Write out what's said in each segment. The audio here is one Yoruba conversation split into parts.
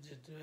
对对。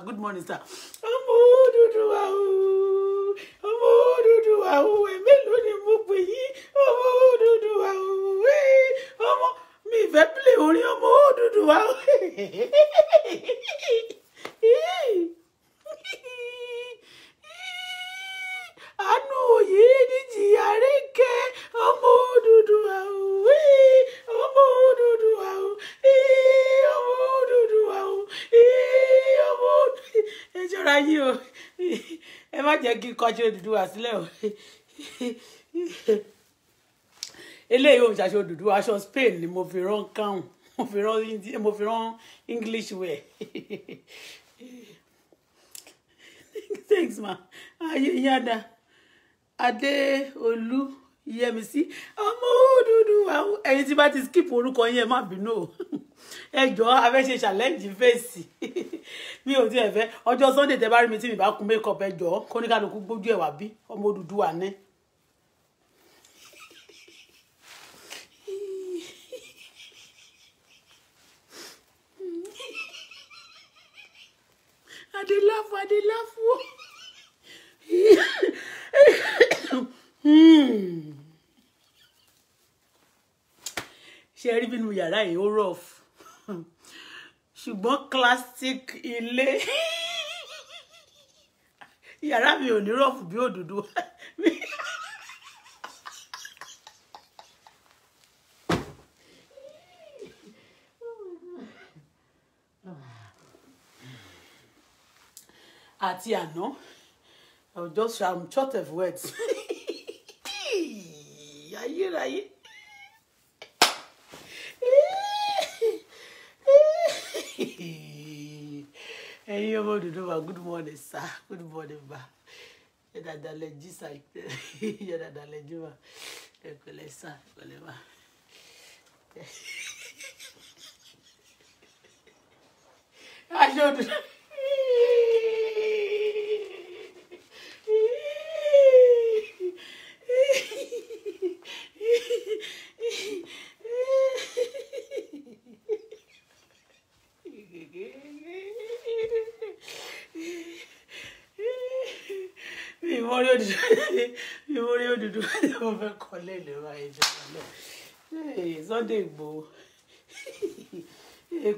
Good morning, sir. kọ́jú Odùduwà sílẹ̀ o eléyìí òun ṣàṣe Odùduwà aṣọ Spain ni mo fi rán káwọn mo mo fi rán English wear thanks ma ayé yada Adéolú. Yẹmisí ọmọ òdúdú ẹ̀yin tí bá ti skip orúkọ yẹn má bínú o ẹjọ́ abẹ́ṣe challenge fèsì mi ò tiẹ̀ fẹ́ ọjọ́ sunday tẹ bá rí mi tí mi bá kun makeup ẹjọ́ kóníkàlùkù gbójú ẹ̀wà bí ọmọ òdúdú wà ní. I dey laugh I dey laugh Hmm. ṣe rí bínú yàrá yìí ó rough ṣùgbọ́n classic ilé yàrá mi ò ní rough bí òdòdó àti àná I will just I'm short of words ayérayé ẹ̀yin ọmọ òdòdó ma good morning sir good morning ma yẹ dada lẹ jí sa yẹ dada lẹ jí ma ẹ pẹ̀lẹ́ sa pẹ̀lẹ́ ma. aṣọ òdòdó. mi mo rí òdòdó mi mo rí òdòdó tí mo fẹ́ kọ́ lẹ́lẹ̀ wá ẹ̀jẹ̀ lọ́lẹ̀ Sunday Igboho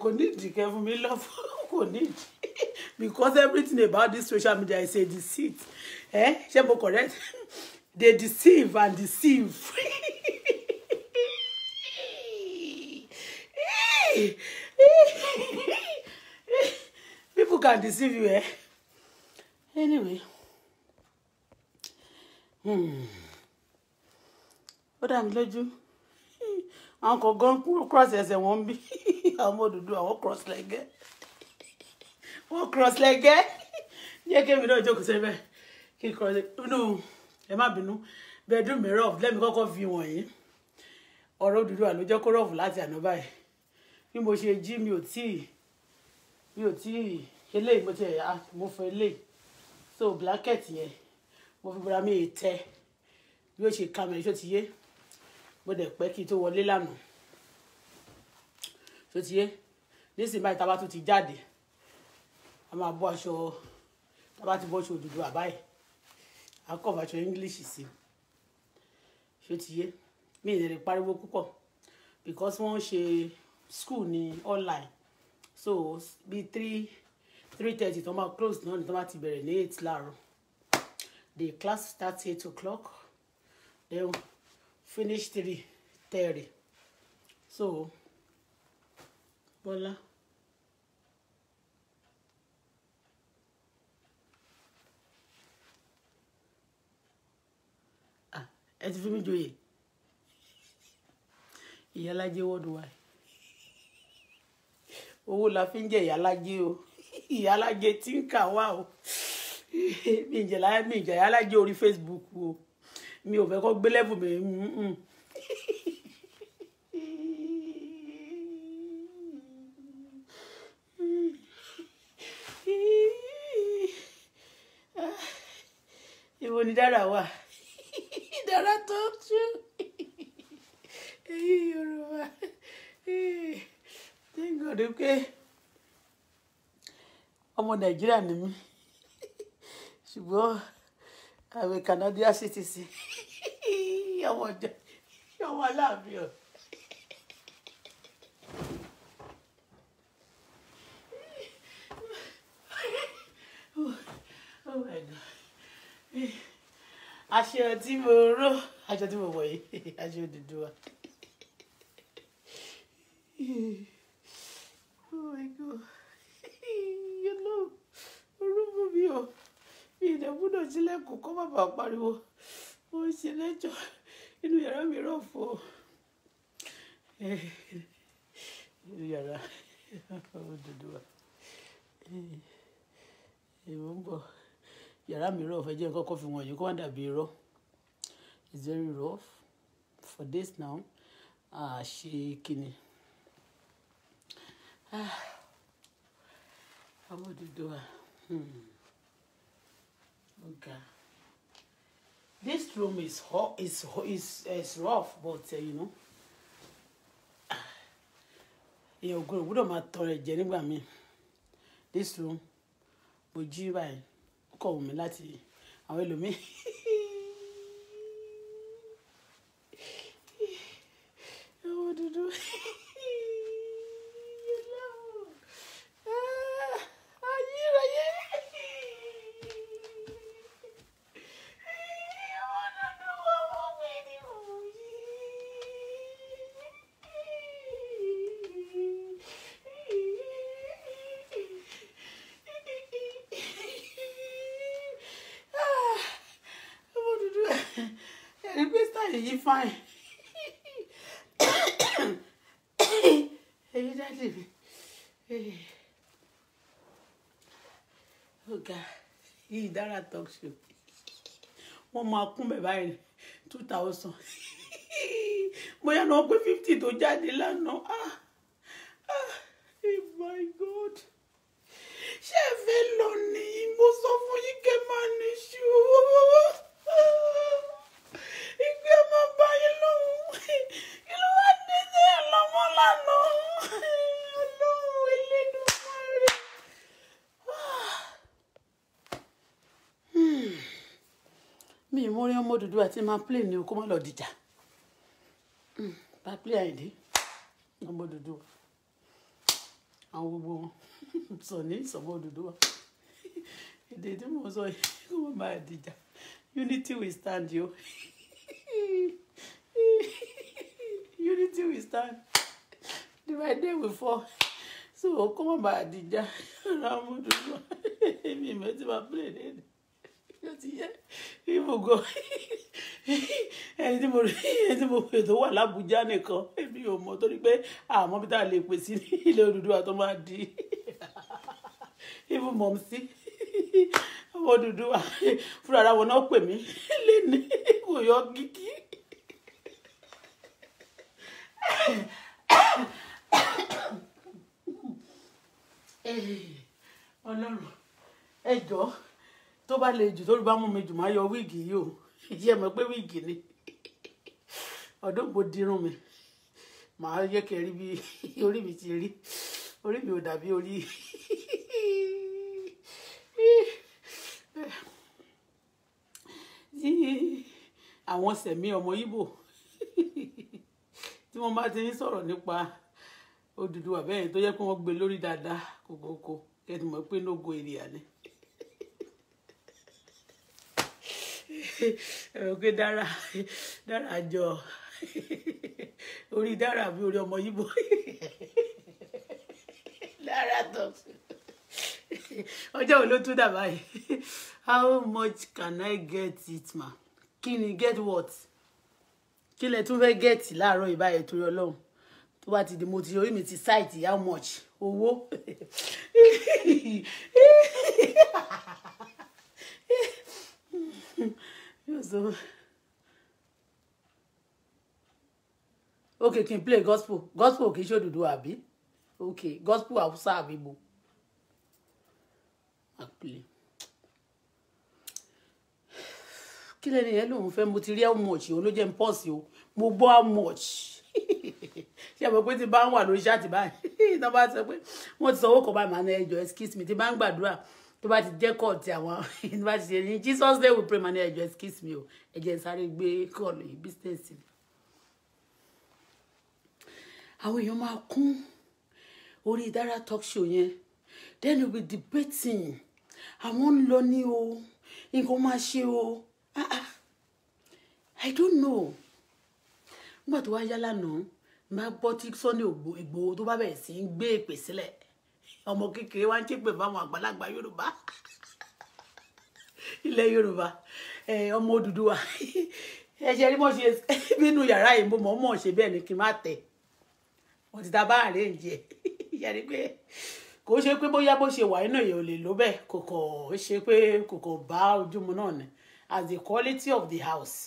kò nídìí kẹ́ fún mi lọ́fọ́ kò nídìí because everything about this social media is a deceit eh, ṣé mo correct they deceive and deceive. People can deceive you, eh? Anyway. Hmm. Ó dá mi lójú. Àwọn kan gan cross ẹsẹ̀ I'm bí. to do? òdòdó àwọn cross like that. Wọ́n cross like that. Yeah, èmi náà jókòó sẹ́bẹ̀. Kí n cross No ẹ má bínú bedroom mi rough lẹ́mi kọ́kọ́ fi wọ̀nyí ọ̀rọ̀ Odùduwà ló jẹ́ kó rough láti àná báyìí bí mo ṣe jí mi ò tíì mi ò tíì eléyìí mo ti ẹ̀yà ah, mo fọ eléyìí so blanket yẹn mo fi bora mi tẹ bí ó ṣe kàmẹ́ ṣó ti yé mo dẹ̀ pẹ́ kí n tó wọlé lánàá ti yé nísìnyí báyìí tá a bá ti jáde a máa bọ́ aṣọ tá a bá ti bọ́ aṣọ Odùduwà báyìí akọ̀bàṣọ english sí ṣé ti yé mi ì lè pariwo púpọ̀ because wọ́n ṣe school ní online so bí three three thirty tó máa close náà ni tó máa ti bẹ̀rẹ̀ ní eight láàárọ̀ the class start eight o'clock then finish three thirty so bọ́lá. Voilà. ẹ ti fi mí joyè ìyálájẹ worldwide owó la fi ń jẹ ìyálájẹ o ìyálájẹ tí ń kà wá o mi ìjà mi ìjà ìyálájẹ orí Facebook o mi ò fẹ́ kó gbé lẹ́bùn mi ìwọ ni dára wà yàrá tó ṣú èyí yorùbá tí n gòdì ọmọ nàìjíríà ni mí ṣùgbọ́n àwọn Canadian citizen ọmọ ọjà ọmọ aláàbí ọ̀hún. aṣọ tí mo ró aṣọ tí mo wọ̀ yìí aṣọ òdòdó wa. oh my god yọlọ orúkọ mi o mi ì dẹ́gbọ́dọ̀ sílẹ̀kùn kọ́ bàbá pariwo ó ṣe lẹ́jọ́ inú yàrá mi rọ̀ fún ọ inú yàrá òdòdó wa èèmọ̀ ń bọ̀ yàrá mi rough ẹ jẹ́ nǹkan kọ́fì wọ̀nyí kó má dàbí irọ́ it's very rough for this now àṣe kìnnì àwọn òdòdó à ọ̀gá this room is hot is is is rough but uh, you know èèyàn ògùn ògbúdọ̀ máa tọrọ ẹ̀jẹ̀ nígbà míì this room mo jí báyìí kọ̀ wù mí láti àwọn ẹlòmíì. ọmọ dúdú. fine. hey, dáàdì mi ọ̀gá yìí dára talk show wọ́n máa kún bẹ̀ two thousand bóyá náà pé fifty tó jáde lánàá ah ah oh my god she fell on lọ nìyí so sọ fún yín kẹ́ mi ì mórí ọmọ dúdú àti máa play ni o kó má lọ dìjà hmm, bá play àìdí ọmọ dúdú àwọn gbogbo wọn sọ ní ìsọmọ dúdú wa èdè tí mo sọ yìí kó má bàa dìjà unity we stand yo unity we stand day we fall so kó má bàa dìjà ọmọ dúdú wa èmi ìmọ̀ tí máa play ní èdè yóò ti yẹ even go ẹni tí mo rí ẹni tí mo pè tó wà lábújá nìkan èmi ò mọ torí pé àmọ́ bí tá a lè pè sí ní ilé Odùduwà tó máa di even mọ̀ sí ọmọ Odùduwà fúnra ara wọn náà pè mí lẹ́ni kò yọ kíkí. Ọlọ́run ẹ jọ̀ọ́ tó bá le jù tó bá mú mi jù máa yọ wíìgì yìí o ìyí ẹ̀ mọ̀ pé wíìgì ni ọdún kò dirun mi màá yẹ kẹ́ rí bí orí mi ti rí orí mi ò dàbí orí àwọn sẹ̀mí ọmọ Ìgbò tí wọ́n bá ti ń sọ̀rọ̀ nípa Odùduwà bẹ́ẹ̀ tó yẹ kí wọ́n gbé lórí dáadáa kòkòkò kẹ́ni pé nógo èrìà ni. ẹ̀rọ dára dára jọ orí dára bí orí ọmọ yíbo dára tọ̀ ọjọ́ wo ló tún dà báyìí how much can I get it ma kí ni get what kí lẹ tún fẹ́ get láàárọ̀ ìbáyẹ̀ torí ọlọ́run tó bá ti di mo ti orí mi ti site how much owó so okay can play gospel gospel kì í ṣe do àbí okay gospel hausa àbí bo àpèlè kí lẹni yẹn lòun fẹ́ mo ti much You ló jẹ́ n you. o mo much ṣe mọ̀ pé tí bá ń wà lórí ṣáàtì báyìí tí wọ́n bá sọ pé wọ́n ti sọ owó excuse me tí bá ń gbàdúrà tó bá ti jẹ́ kọ́ọ̀tì àwọn tó bá jesus name we pray my name ẹ̀jọ̀ excuse me o ẹ̀jẹ̀ sáré gbé kọ́ọ̀lù yìí business mi. àwọn èèyàn máa kún orí dára talk show yẹn then we be debating àwọn ń lọ ní o nǹkan máa ṣe o ah, ah i don't know nígbà tó wá yá lánàá máa gbọ́ tí sunday Ìgbòho tó bá bẹ̀rẹ̀ sí í gbé èpè sílẹ̀ ọmọ kékeré wá ń ṣépè fáwọn àgbàlagbà yorùbá ilẹ̀ yorùbá ọmọ Odùduwà ẹ ṣe rí mọ́ ṣe bínú yàrá yìí mo mọ̀ mọ̀ ṣe bẹ́ẹ̀ ni kí n má tẹ̀ wọ́n ti ta bá àrẹ́ǹjì ẹ̀ yàrá pé kò ṣe pé bóyá bó ṣe wà inú èèyàn ò lè ló bẹ́ẹ̀ kò kò ṣe pé kò kò bá ojúmu náà ni as the quality of the house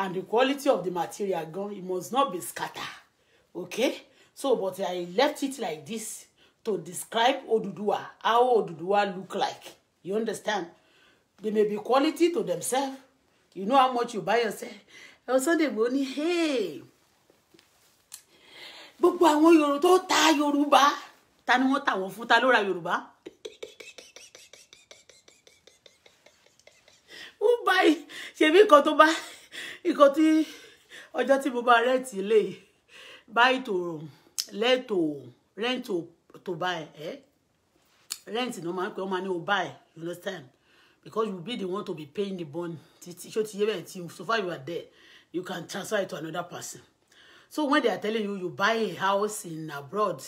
and the quality of the material gan it must not be scatter. okay so but I left it like this to describe Oduduwa, how Oduduwa look like. You understand? They may be quality to themselves. You know how much you buy yourself. Also, they will only, hey. Gbogbo àwọn Yorùbá tó ta Yoruba? Ta ni wọ́n tà wọ́n fún ta ló ra Who buy? báyìí ṣebí nǹkan tó bá nǹkan tí ọjọ́ tí mo bá rẹ́ǹtì buy to let to rent to To buy, eh? rent ni wọn máa ń pè wọn you understand because you be the one to be paying the bond títí ṣó ti yé bẹ́ẹ̀ so far you are there you can transfer it to another person so when they are telling you you buy a house in abroad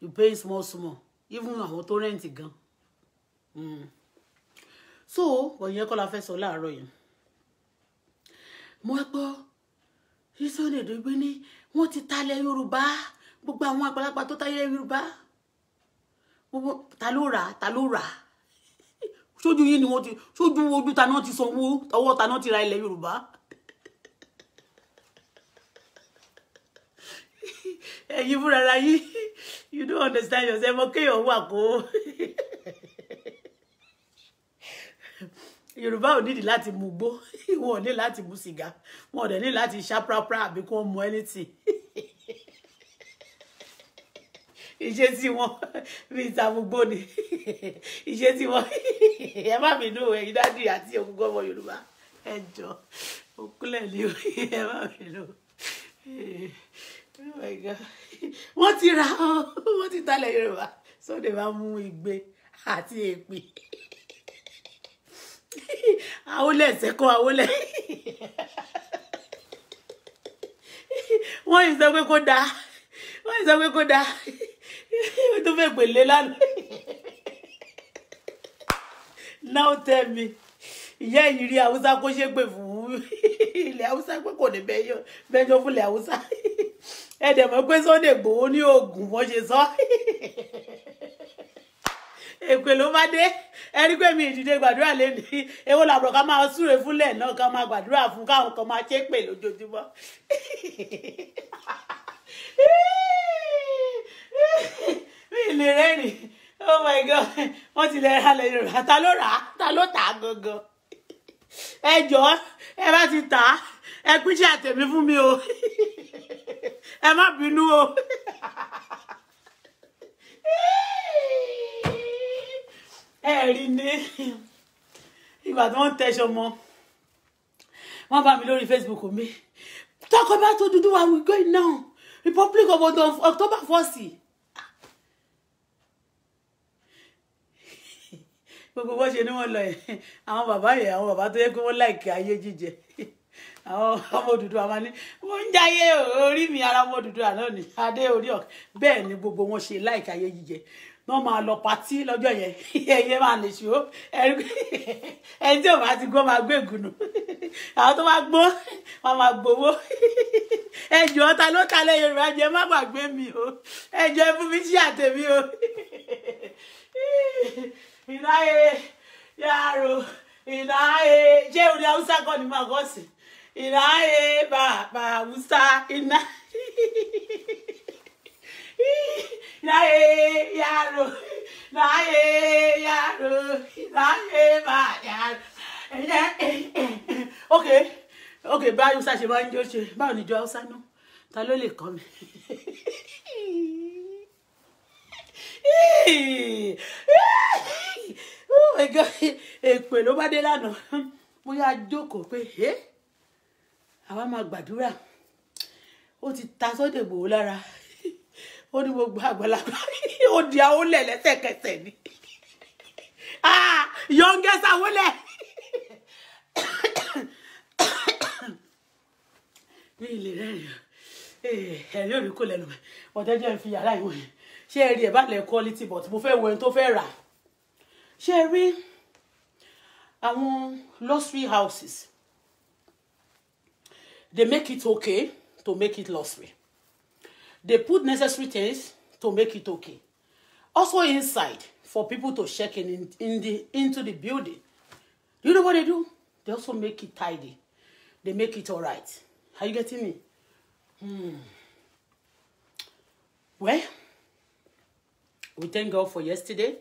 you pay small small even àwọn tó rent gan mm. so when òyìn ẹkọ la fẹ́ sọ láàárọ̀ yìí mo gbọ́ yíṣọ nìdúgbò ní wọ́n ti talẹ̀ yorùbá gbogbo àwọn àgbàlagbà tó talẹ̀ yorùbá gbogbo ta ló rà ta ló rà sójú yín ni wọ́n ti sójú ojú ta náà ti sanwó ọwọ́ ta náà ti ra ilẹ̀ Yorùbá ẹ̀yin fúnra yín you don't understand yourself mọ kéèyàn wà kó Yorùbá ò nídìí láti mú gbó wọn ò ní láti mú sìgá wọn ò dẹ̀ ní láti ṣá prapra àbí kó mú anything ìṣe tí wọn bíi ìtàmúgbò ni ìṣe tí wọn ẹ má bínú ẹ̀yin dádì àti ògùngàn ọmọ yorùbá ẹ jọ òkúlẹ̀ ni ẹ má bínú oh wọ́n ti ra wọ́n ti talẹ̀ yorùbá sóde máa mú igbe àti èpè àwọlẹ̀ ṣẹ́kọ̀ àwọlẹ̀ wọ́n yìí sọ pé kó dáa wọ́n yìí sọ pé kó dáa tó fẹ́ gbèlè lánàá now tell me ìyá ẹ̀yìn rí haúsá kó ṣe pè fún ilẹ̀ haúsá pé kò ní bẹjọ́ fún ilẹ̀ haúsá ẹ̀dẹ̀ mọ̀ pé Sunday Igboho ní oògùn wọ́n ṣe sọ èpè ló bá dé ẹni pé mi ìdílé gbàdúrà lẹ́nu ewo làbọ̀ ká máa súre fúnlẹ̀ náà ká máa gbàdúrà fún káwọn kan máa ṣépè lójoojúmọ́. mi rẹ́rìn oh my god wọ́n ti lè ra lẹ̀ yorùbá ta ló rà á ta ló tà á gangan ẹ jọ̀ọ́ ẹ bá ti tà á ẹ pínṣẹ́ àtẹ̀mí fún mi o ẹ má bínú o. ẹ rí ní ìgbà tí wọ́n ń tẹ̀sọ̀ mọ́ wọ́n bá mi lórí Facebook mi talk about Oduduwa we going now Republic of October 1st. gbogbo bó ṣe ni wọ́n lọ yẹn àwọn bàbá yẹn àwọn bàbá tó yẹ kó wọ́n láìkí ayé jíjẹ àwọn ọmọ Odùduwà máa ní mo ń jayé orí mi ara ọmọ Odùduwà náà ni adé orí ọ̀kẹ́ bẹ́ẹ̀ ni gbogbo wọn ṣe láìkí ayé jíjẹ wọ́n máa lọ patí lọ́jọ́ yẹn ẹyẹ máa lè ṣó ẹni tí ò bá ti gbọ́ máa gbé ìgùnù àwọn tó bá gbọ́ wọ́n máa gbowó ẹjọ́ ta ló ta lẹ́yìn Yorùbá jẹ́ má gbàgbé mi o ẹjọ́ ẹ fún mi sí àtẹ̀mí o inaye yaro inaye je ori Hausa ko ni ma ko si inaye baba Hausa ina inaye yaro inaye yaro inaye ba yaro okay okay báyìí Hausa ṣe ba ń jó ṣe báwo ni ìjọ Hausa náà ta ló lè kọ́ mi ẹgbẹ́ èpè ló bá dé lánàá mo yá jókòó pé ẹ àwa máa gbàdúrà ó ti ta sọ́dẹ̀ gbòó lára ó ní gbogbo àgbàlagbà ó di àwọlẹ̀ lẹ́sẹ̀kẹsẹ̀ ni youngest àwọlẹ̀ ní ilé rẹ̀ ẹ̀rí òrìkò lẹ́nu ọ̀tẹ́jọ́ ń fi yàrá ìwọ̀n ṣé ẹ rí ẹ̀ bá lẹ̀ quality but mo fẹ́ wo ẹni tó fẹ́ rà ṣe rí àwọn luxury houses they make it okay to make it luxury they put necessary things to make it okay also inside for people to check in, in, in the into the building you know what they do they also make it tidy they make it all right are you getting me hmm. well we thank God for yesterday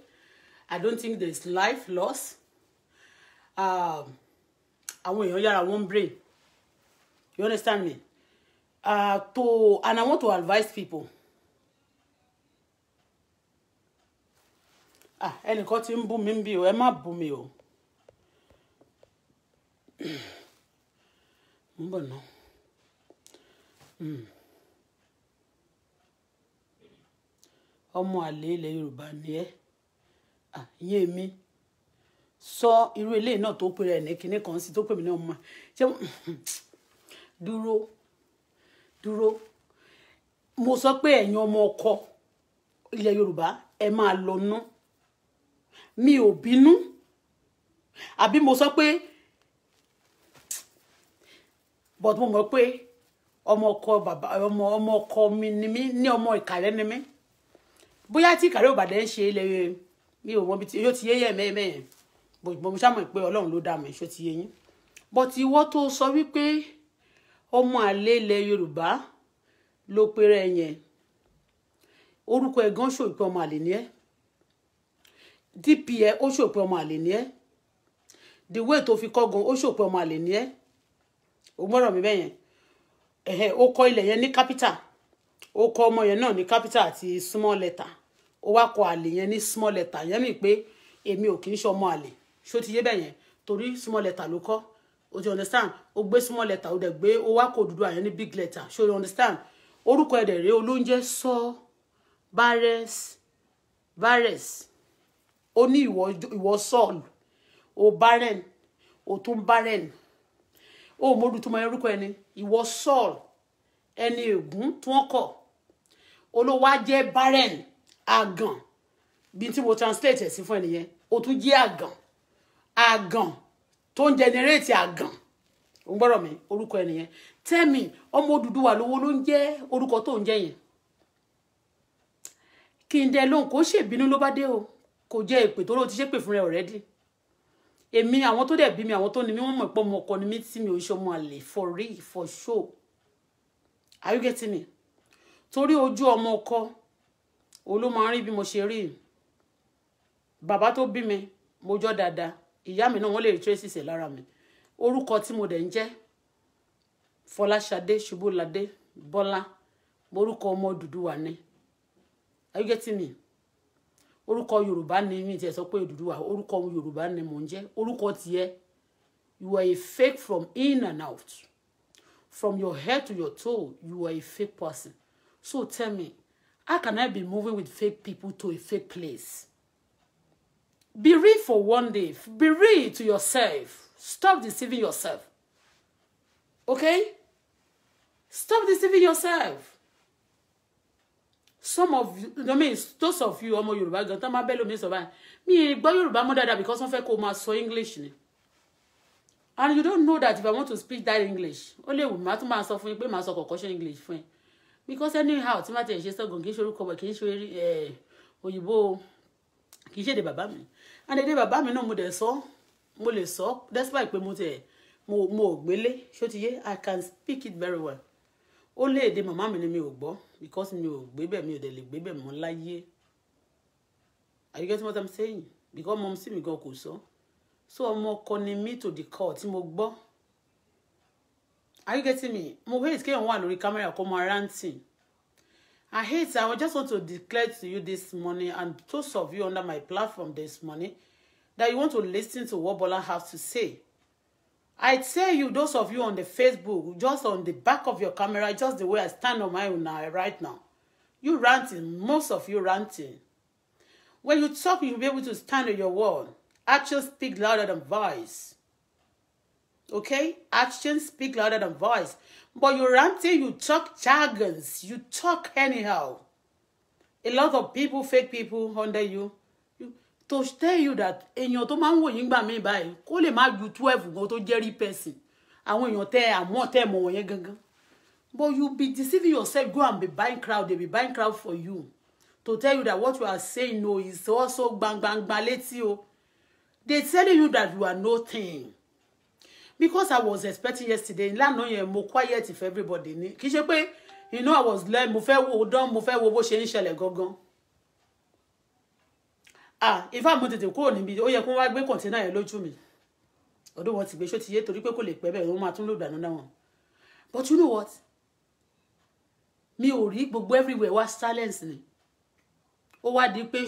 I don't think there's life loss I um, àwọn èèyàn yára one brain you understand me uh, to and I want to advise people ah any tí Boom, bú mi ń bí o ẹ má bú mi o ń bọ̀ náà. Hmm. ọmọ àlè ilẹ̀ Yorùbá ìyẹn ah, mi sọ irú eléyìí náà tó pè rẹ̀ ní kinní kan sí tó pè mí náà mọ́ ṣé dúró dúró mo sọ pé ẹ̀yin ọmọ ọkọ ilẹ̀ Yorùbá ẹ máa lọ ná mi ò bínú àbí mo sọ pé but mo mọ̀ pé ọmọ ọkọ bàbá ọmọ ọmọ ọkọ mi ni mí ní ọmọ ìkàrẹ́ ni mí bóyá tí ìkàrẹ́ ò bàdẹ́ ń ṣe ilẹ̀ mi ò mọ bí ti yóò ti yé yẹ mẹ́ẹ̀mẹ́ yẹn bọ̀ mo ṣàmọ̀ pé ọlọ́run ló dá mi ṣó ti yé yín but ìwọ tó sọ wípé ọmọ àlè ilẹ̀ yorùbá ló péré yẹn orúkọ ẹ̀gán ṣòpin ọmọ àlè ni ẹ́ dp ẹ ó ṣòpin ọmọ àlè ni ẹ́ the way tó fi kọ́gan ó ṣòpin ọmọ àlè ni ẹ́ o gbọ́dọ̀ mi bẹ́yẹn ẹ̀hẹ́ ó kọ́ ilẹ̀ yẹn ní capital ó kọ́ ọmọ yẹn náà ní capital àti small letter ó wá kọ àlè yẹn ní small letter yẹn mi pé èmi ò kì í ṣọmọ àlè ṣó ti yé bẹ́ẹ̀ yẹn torí small letter ló kọ́ o ti understand o gbé small letter o dẹ̀ gbé o wá kọ Odùduwà yẹn ní big letter ṣó you understand orúkọ ẹ̀ dẹ̀ rèé olóúnjẹ sọ bares bares ó ní ìwọ ìwọ o barren o tún barren o mo mọdù tó mọ orúkọ ẹni ìwọ Saul ẹni ègún tí wọ́n kọ̀ olówó á barren àgàn bí tí mo translate si sí fún ẹnìyẹn ó tún jẹ́ àgàn àgàn tó ń generate àgàn ò ń gbọ́dọ̀ mi orúkọ ẹnìyẹn tẹ́mi ọmọ Odùduwà lówó ló ń lo orúkọ tó ń jẹ́ yẹn kí n dẹ lóhùn kó ṣèbínú ló bá dé o kò jẹ́ èpè tó ló ti ṣépè fún rẹ already èmi àwọn tó de bí mi àwọn tó ni mi wọ́n mo pé ọmọ ọkọ ni mí tí mi ò ṣe ọmọ àlè for real for show are you getting me torí oju ọmọ ọkọ òun ló máa ń rí bí mo ṣe rí bàbá tó bí mi mo jọ dáadáa ìyá mi náà wọ́n lè rí traces ẹ̀ lára mi orúkọ tí mo dẹ̀ ń jẹ́ Fọláṣadé Ṣubúladé Bọ́lá orúkọ ọmọ Odùduwà ni are you getting me orúkọ Yorùbá ni mi tiẹ̀ sọ pé Odùduwà orúkọ Yorùbá ni mò ń jẹ́ orúkọ tiẹ̀ you are a fake from in and out from your head to your toe you are a fake person so tell me How can I be moving with fake people to a fake place? Be real for one day. Be real to yourself. Stop deceiving yourself. Okay? Stop deceiving yourself. Some of you, I mean, those of you, ọmọ Yorùbá don't tán máa bẹ́ẹ̀ lómi sọ̀rọ̀ Me, but Yorùbá mọ́ dáadáa because wọ́n fake kó o máa English And you don't know that if I want to speak that English, only with my mí, màá tún máa sọ fún yín pé English fún because anyhow tí má tẹ̀ ṣe sọ́gun kì í ṣe orúkọ wẹ̀ kì í ṣe òyìnbó kì í ṣèdè bàbá mi and èdè bàbá mi náà mo dẹ̀ sọ mo lè sọ despite pé mo tẹ̀ mo mo ò gbélé ṣó ti yé i can speak it very well ó lé èdè màmá mi ni mi ò gbọ́ because mi ò gbé bẹ́ẹ̀ mi ò dẹ̀ lè gbé bẹ́ẹ̀ mọ́ láyé are you getting what i'm saying because mom sí mi gan kò sọ so ọmọ ọkọ ni mi to the call tí mo gbọ́ are you getting me mo hate kéèyàn wà lórí kámẹ́rà kó máa ranting I hate I just want to declare to you this morning and those of you under my platform this morning that you want to listen to what Bola has to say. I tell you, those of you on the Facebook, just on the back of your camera, just the way I stand on my own now, right now, you ranting, most of you ranting. When you talk, you'll be able to stand on your word. Actions speak louder than voice. Okay? Actions speak louder than voice. But you ranting, you talk jargons, you talk anyhow. A lot of people, fake people under you. to tell you that èèyàn to máa ń wò yín gbà mí báyìí kó lè ju twelve gan tó jẹ́ rí person. Àwọn èèyàn tẹ àmọ́ tẹ mo wọ̀nyẹn gangan. But you be deceiving yourself, go and be buying crowd, they be buying crowd for you. To tell you that what you are saying no is also bang létí o. They telling you that you are nothing because i was expecting yesterday lánàá yẹn mo quiet if everybody ni kì í ṣe pé you know i was learn mo fẹ́ wo dán mo fẹ́ wo bó ṣe ń ṣẹlẹ̀ gangan ah ifá mo tètè kúrò níbi ó yẹ kó wá gbé kọ̀ǹtínà yẹn lójú mi ọdún wọn ti gbé ṣó ti yé torí pé kò lè pẹ́ bẹ́ẹ̀ wọ́n máa tún lò náà wọn but you know what mi ò rí gbogbo everywhere wá silence ni ó wá di pé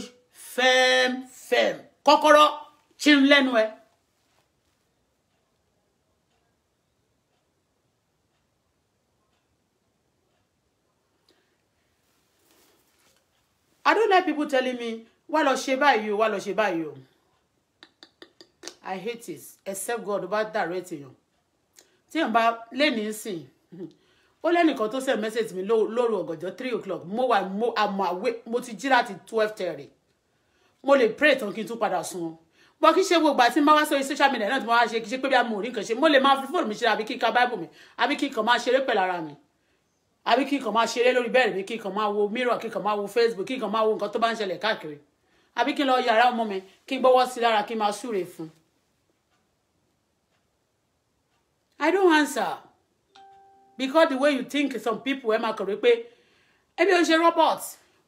fẹ́ẹ́m fẹ́ẹ́m kọ́kọ́rọ́ ṣì ń lẹ́nu ẹ̀. I don't like people telling me wá lọ ṣe báyìí o wá lọ ṣe báyìí o I hate it except God bá direct èèyàn tí èèyàn bá lẹ́ni sìn ó lẹ́nìkan tó send message to me low mi lóru ọ̀gànjọ́ three o'clock mo wà mo àmọ́ àwẹ̀ mo ti jí láti twelve thirty mo le pray tán kí n tún padà sun bọ kí ṣe gbogbo àti máa wá sórí social media náà mo wá ṣe kí ṣe pé bí a mò rí nǹkan ṣe mo le máa fi fóònù mi ṣe àbí kí n ka bible mi àbí kí n kàn máa ṣeré pẹ̀lú ara mi àbí kí nǹkan máa ṣeré lórí bẹ́ẹ̀ mi kí nǹkan máa wo mirror kí nǹkan máa wo facebook kí nǹkan máa wo nǹkan tó bá ń ṣẹlẹ̀ káàkiri àbí kí n lọ yàrá ọmọ mi kí n gbọ́wọ́ sí lára kí n máa súre fún I don't answer because the way you think some people ẹ máa kọ̀ wí pé ẹbí ó ṣe robot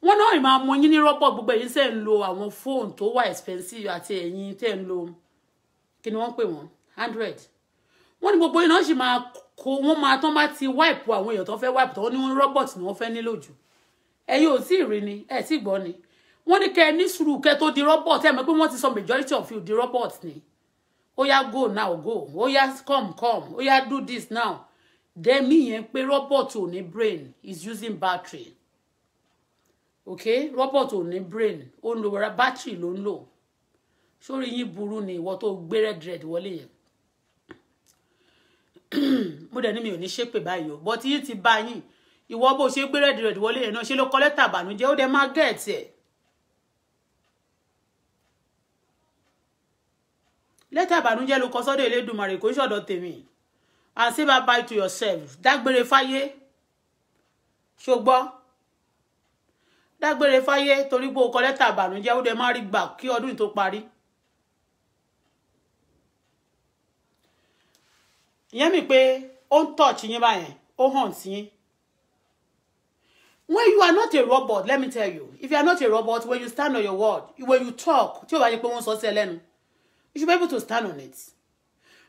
wọn náà ìmọ̀ àmọ́ yín ní robot gbogbo ẹ̀yin ṣe ń lo àwọn fóònù tó wà expensive àti ẹ̀yin tẹ̀ ń lo kí ni wọ́n pè wọ́n hundred wọ́n ní gbogbo iná sì máa kó wọ́n máa tán bá ti wáìpù àwọn èèyàn tó fẹ́ wáìpù tó ní wọ́n robot ni wọ́n fẹ́ nílò jù ẹ̀yin ò tí ì rí ni ẹ̀ tí ì gbọ́ ni wọ́n ní kẹ́ ẹ ní sùúrù kẹ́ tó di robot ẹ̀ mọ̀ pé wọ́n ti sọ majority of you di robot ni ó yá go now go ó yá come come ó yá do this now dẹ́mi yẹn pé robot ò ní brain is using battery ok robot ò ní brain ó ń lo battery ló ń lò sórí yín burú ni ìwọ tó gbé red red wọlé yẹn mo dẹ̀ ní mi ò ní ṣépè báyìí o bọ́tí yìí ti bá yín ìwọ bó ṣe gbé rẹ́dì rẹ̀dì wọlé yẹn náà ṣe ló kọ́ lẹ́tà àbànújẹ́ ó dẹ̀ máa gẹ̀ẹ́tì ẹ̀. lẹ́tà àbànújẹ́ ló kọ sọ́dọ̀ Elédùmarè kò ń ṣọ̀dọ̀ tèmi and say bye bye to yourself dágbére fáyé ṣùgbọ́n dágbére fáyé torí pé o kọ lẹ́tà àbànújẹ́ ó dẹ̀ máa rí gbà kí ọdún tó parí. ìyẹn mi pé ó ń touch yín báyẹn ó hàn sí yín when you are not a robot let me tell you if you are not a robot when you stand on your word when you talk tí o bá yẹ pé wọ́n sọ sí ẹ lẹ́nu you should be able to stand on it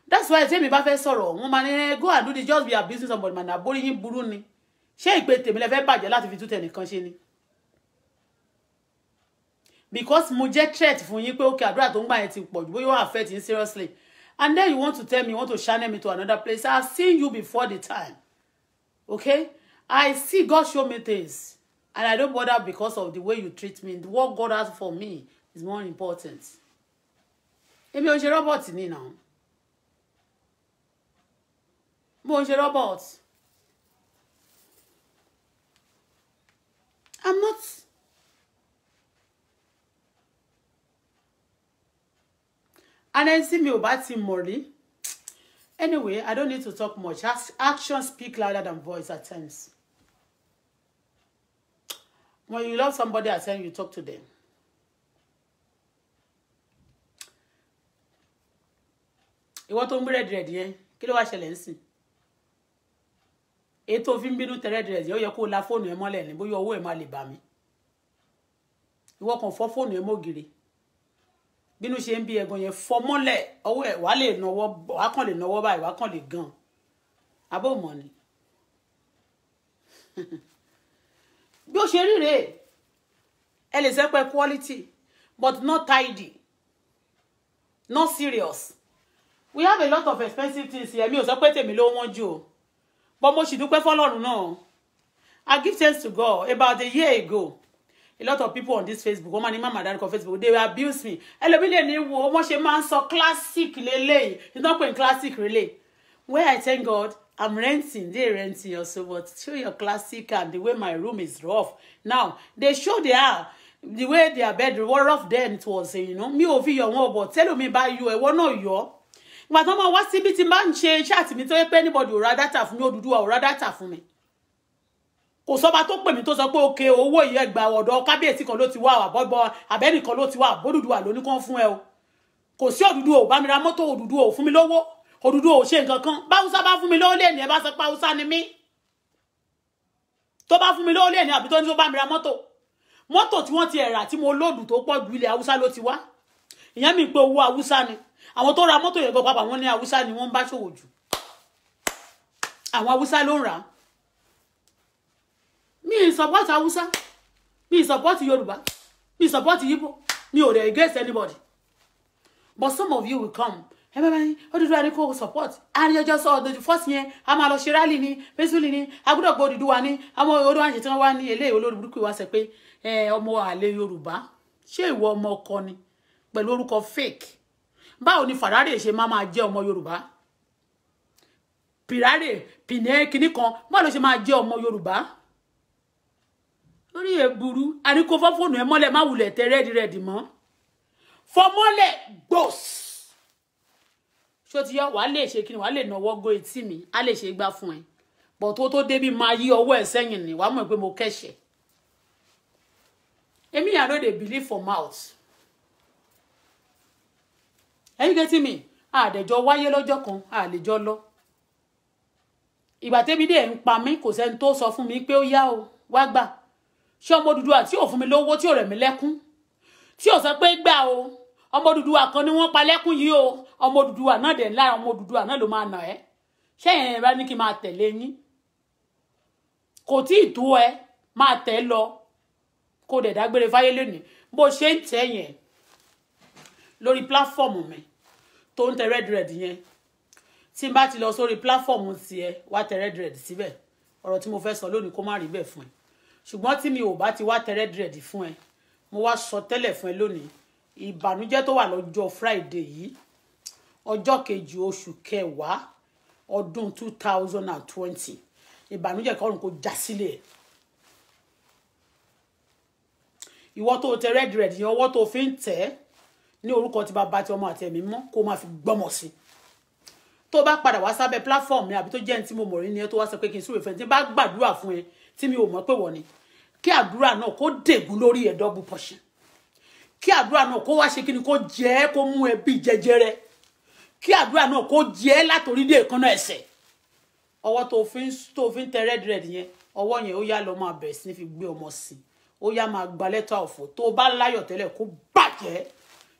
that's why tèmi bá fẹ́ sọ̀rọ̀ wọ́n máa ní eh, go and do this just be a business somebody man àbórí yín burú ni ṣé ìpè tèmi lẹ fẹ́ bàjẹ́ láti fi tú tẹnìkan ṣe ni because mo jẹ́ threat fún yín pé ó kí àdúrà tó ń gbà yẹn ti pọ̀ jù bóyá ó affect yín seriously And then you want to tell me, you want to channel me to another place. I've seen you before the time. Okay? I see God show me things. And I don't bother because of the way you treat me. What God has for me is more important. Èmi you're a robot ni now. Mo a robot. I'm not And mi see me about mọ̀ rí anyway i don't need to talk much actions speak louder than voice at times when you love somebody at times you talk to them. You want to be rẹ̀dìrẹ̀dì yẹn kí ló wá ṣẹlẹ̀ ń sìn ètò òfin bínú tẹ rẹ̀dìrẹ̀dì la phone ẹ mọ́lẹ̀ ní bóyá owó ẹ má lè bà mí ìwọ phone fọ́ fóònù ẹ bínú ṣe ń bí ẹ̀gàn yẹn fọmọ́lẹ̀ ọwọ́ ẹ̀ wàá lè nọwọ́ wàá kàn lè nọwọ́ báyìí wàá kàn lè gan abó mọ̀ ni bí ó ṣe ríre ẹ lè sẹ́pẹ́ quality but not tidy not serious we have a lot of expensive things here mi ò sọ pé tèmi ló wọ́n jù o but mo sì dúpẹ́ fọlọ́run náà I give thanks to God about a year ago a lot of people on this facebook wọ́n máa ní mama dárúkọ facebook they abuse me ẹlòmí lè ní wo wọ́n ṣe máa ń sọ classic lele. it's not going classic really. where i thank god i'm renting they renting also but show your classic and the way my room is rough now they show they are the way their bedroom were rough then it was eh, you know me over your yọ but tell me bá you, I want yọ your. But máa wá síbi tí máa ń ṣe iṣẹ́ àtìmí tó anybody ò ra dátà fún mi Odùduwà ò ra dátà fún mi kò sọba tó pè mí tó sọ pé òkè owó yìí ẹgbà ọ̀dọ̀ kábíyèsí kan ló ti wá àbọ̀bọ̀ àbẹ́nìkan ló ti wá àbódùdúwà lóní kan fún ẹ o kò sí òdùdú ò bá mi ra mọ́tò òdùdú ò fún mi lówó òdùdú ò ṣe nǹkan kan báwùsá bá fún mi lówó lẹ́ni ẹ bá sọ pé haúsá ni mí tó bá fún mi lówó lẹ́ni àbí tó ní tó bá mi ra mọ́tò mọ́tò tí wọ́n ti ẹ̀rà tí mo lóòdù tó pọ̀ ju ilẹ̀ haúsá ló ti wá ìyẹn mi pé owó haúsá ni àwọn tó ra mọ́tò yẹn gan pàpà wọ́n ní haúsá ni wọ́n bá ṣòwò jù àwọn haúsá ló ń rà mi support Hausa mi support Yoruba, mi support Igbo mi ò dey against anybody but some of you will come ẹ bá báyìí Odùduwà ni kò support àríyànjọ sọ ọdún fọ́ọ̀sì yẹn a máa lọ ṣe rálì ní pẹ́sùlì ní agbọ́dọ̀ gbọ́ Odùduwà ní àwọn odò àṣẹ tí wọ́n wá ní eléyìí olórí burúkú wa sọ pé ọmọ àlè Yorùbá ṣé ìwọ ọmọ ọkọ ni pẹ̀lú orúkọ fake báwo ni Ferrari ṣe máa máa jẹ́ ọmọ Pirare pinne kan báwo ló ṣe máa jẹ́ ọmọ Yorùbá torí ẹ burú àní kò fọ́ fóònù ẹ mọ́lẹ̀ má wulẹ̀ tẹ rẹ́ẹ̀dì rẹ́ẹ̀dì mọ́ fọmọ́lẹ̀ gbòs ṣó ti yọ wàá lè ṣe kí ni wàá lè nọwọ́ go etí mi á lè ṣe gbá fún ẹ bọ̀ tó tó débi máa yí ọwọ́ ẹ sẹ́yìn ni wàá mọ̀ pé mo kẹ́ṣẹ̀ èmi yàrá ò dey believe for mouth ẹ̀yin getí mi àdẹ̀jọ wáyé lọ́jọ́ kan àlejò lọ ìgbà tẹ́mi dé ń pa mí kò sẹ́ni tó sọ fún mi pé ó yá o wá gbà ṣé ọmọ Odùduwà tí ò mi lówó tí ò rẹ̀ mí lẹ́kún tí ò sọ pé gbà o ọmọ Odùduwà kan ni wọ́n pa lẹ́kún yìí o ọmọ Odùduwà náà dẹ̀ lára ọmọ Odùduwà náà ló máa nà ẹ́ ṣẹ́yìn ẹ̀ bá ní kí n máa tẹ̀lé yín kò tí ì tó ẹ máa tẹ̀ lọ kó dẹ̀ dágbére fáyé lónìí bó ṣe ń tẹ̀ yẹn lórí pláfọ́ọ̀mù mi tó ń tẹ rẹ́dìrẹ́dì yẹn tí n bá ti lọ sórí pláfọ́ọ̀mù tiẹ̀ wá tẹ rẹ́dìrẹ́dì síbẹ̀ ọ̀rọ̀ tí mo fẹ́ sọ lónìí kó má rí bẹ́ẹ̀ fún ẹ ṣùgbọ́n tí mi ò bá ti wá tẹ́rẹ́ dìrẹ̀dì fún ẹ mo wá sọ tẹ́lẹ̀ fún ẹ lónìí ìbànújẹ́ tó wà lọ́jọ́ friday yìí ọjọ́ kejì oṣù kẹwàá ọdún two thousand and twenty ìbànújẹ́ kọ́run kò já sílẹ̀ ìwọ tó tẹ́rẹ́ dìrẹ̀dì yẹn ọwọ́ tó fi ń tẹ̀ ní orúkọ tí bàbá tí ọmọ àti ẹ̀mí mọ́ kó máa fi gbọ́mọ̀ sí i tó bá padà wá sábẹ́ platform mi àbí tó jẹ́ ní tí mo mọ̀ rí ni ẹ tó wá sọ pé kí n súre fẹ́ tí n bá gbàdúrà fún ẹ tí mi ò mọ̀ pé wọ́n ni kí àdúrà náà kó dègún lórí ẹ̀ double portion kí àdúrà náà kó wá ṣe kí ni kó jẹ ẹ́ kó mú ẹ bí jẹjẹrẹ kí àdúrà náà kó jẹ ẹ́ látòrí dé èékánná ẹsẹ̀ ọwọ́ tó fi ń tó fi ń tẹ rẹ́dìrẹ́d yẹn ọwọ́ yẹn ó yá lọ fi gbé ọmọ sí i ó yá gba lẹ́tà ọ̀fọ̀ tó o bá láyọ̀ tẹ́lẹ̀ kó bàjẹ́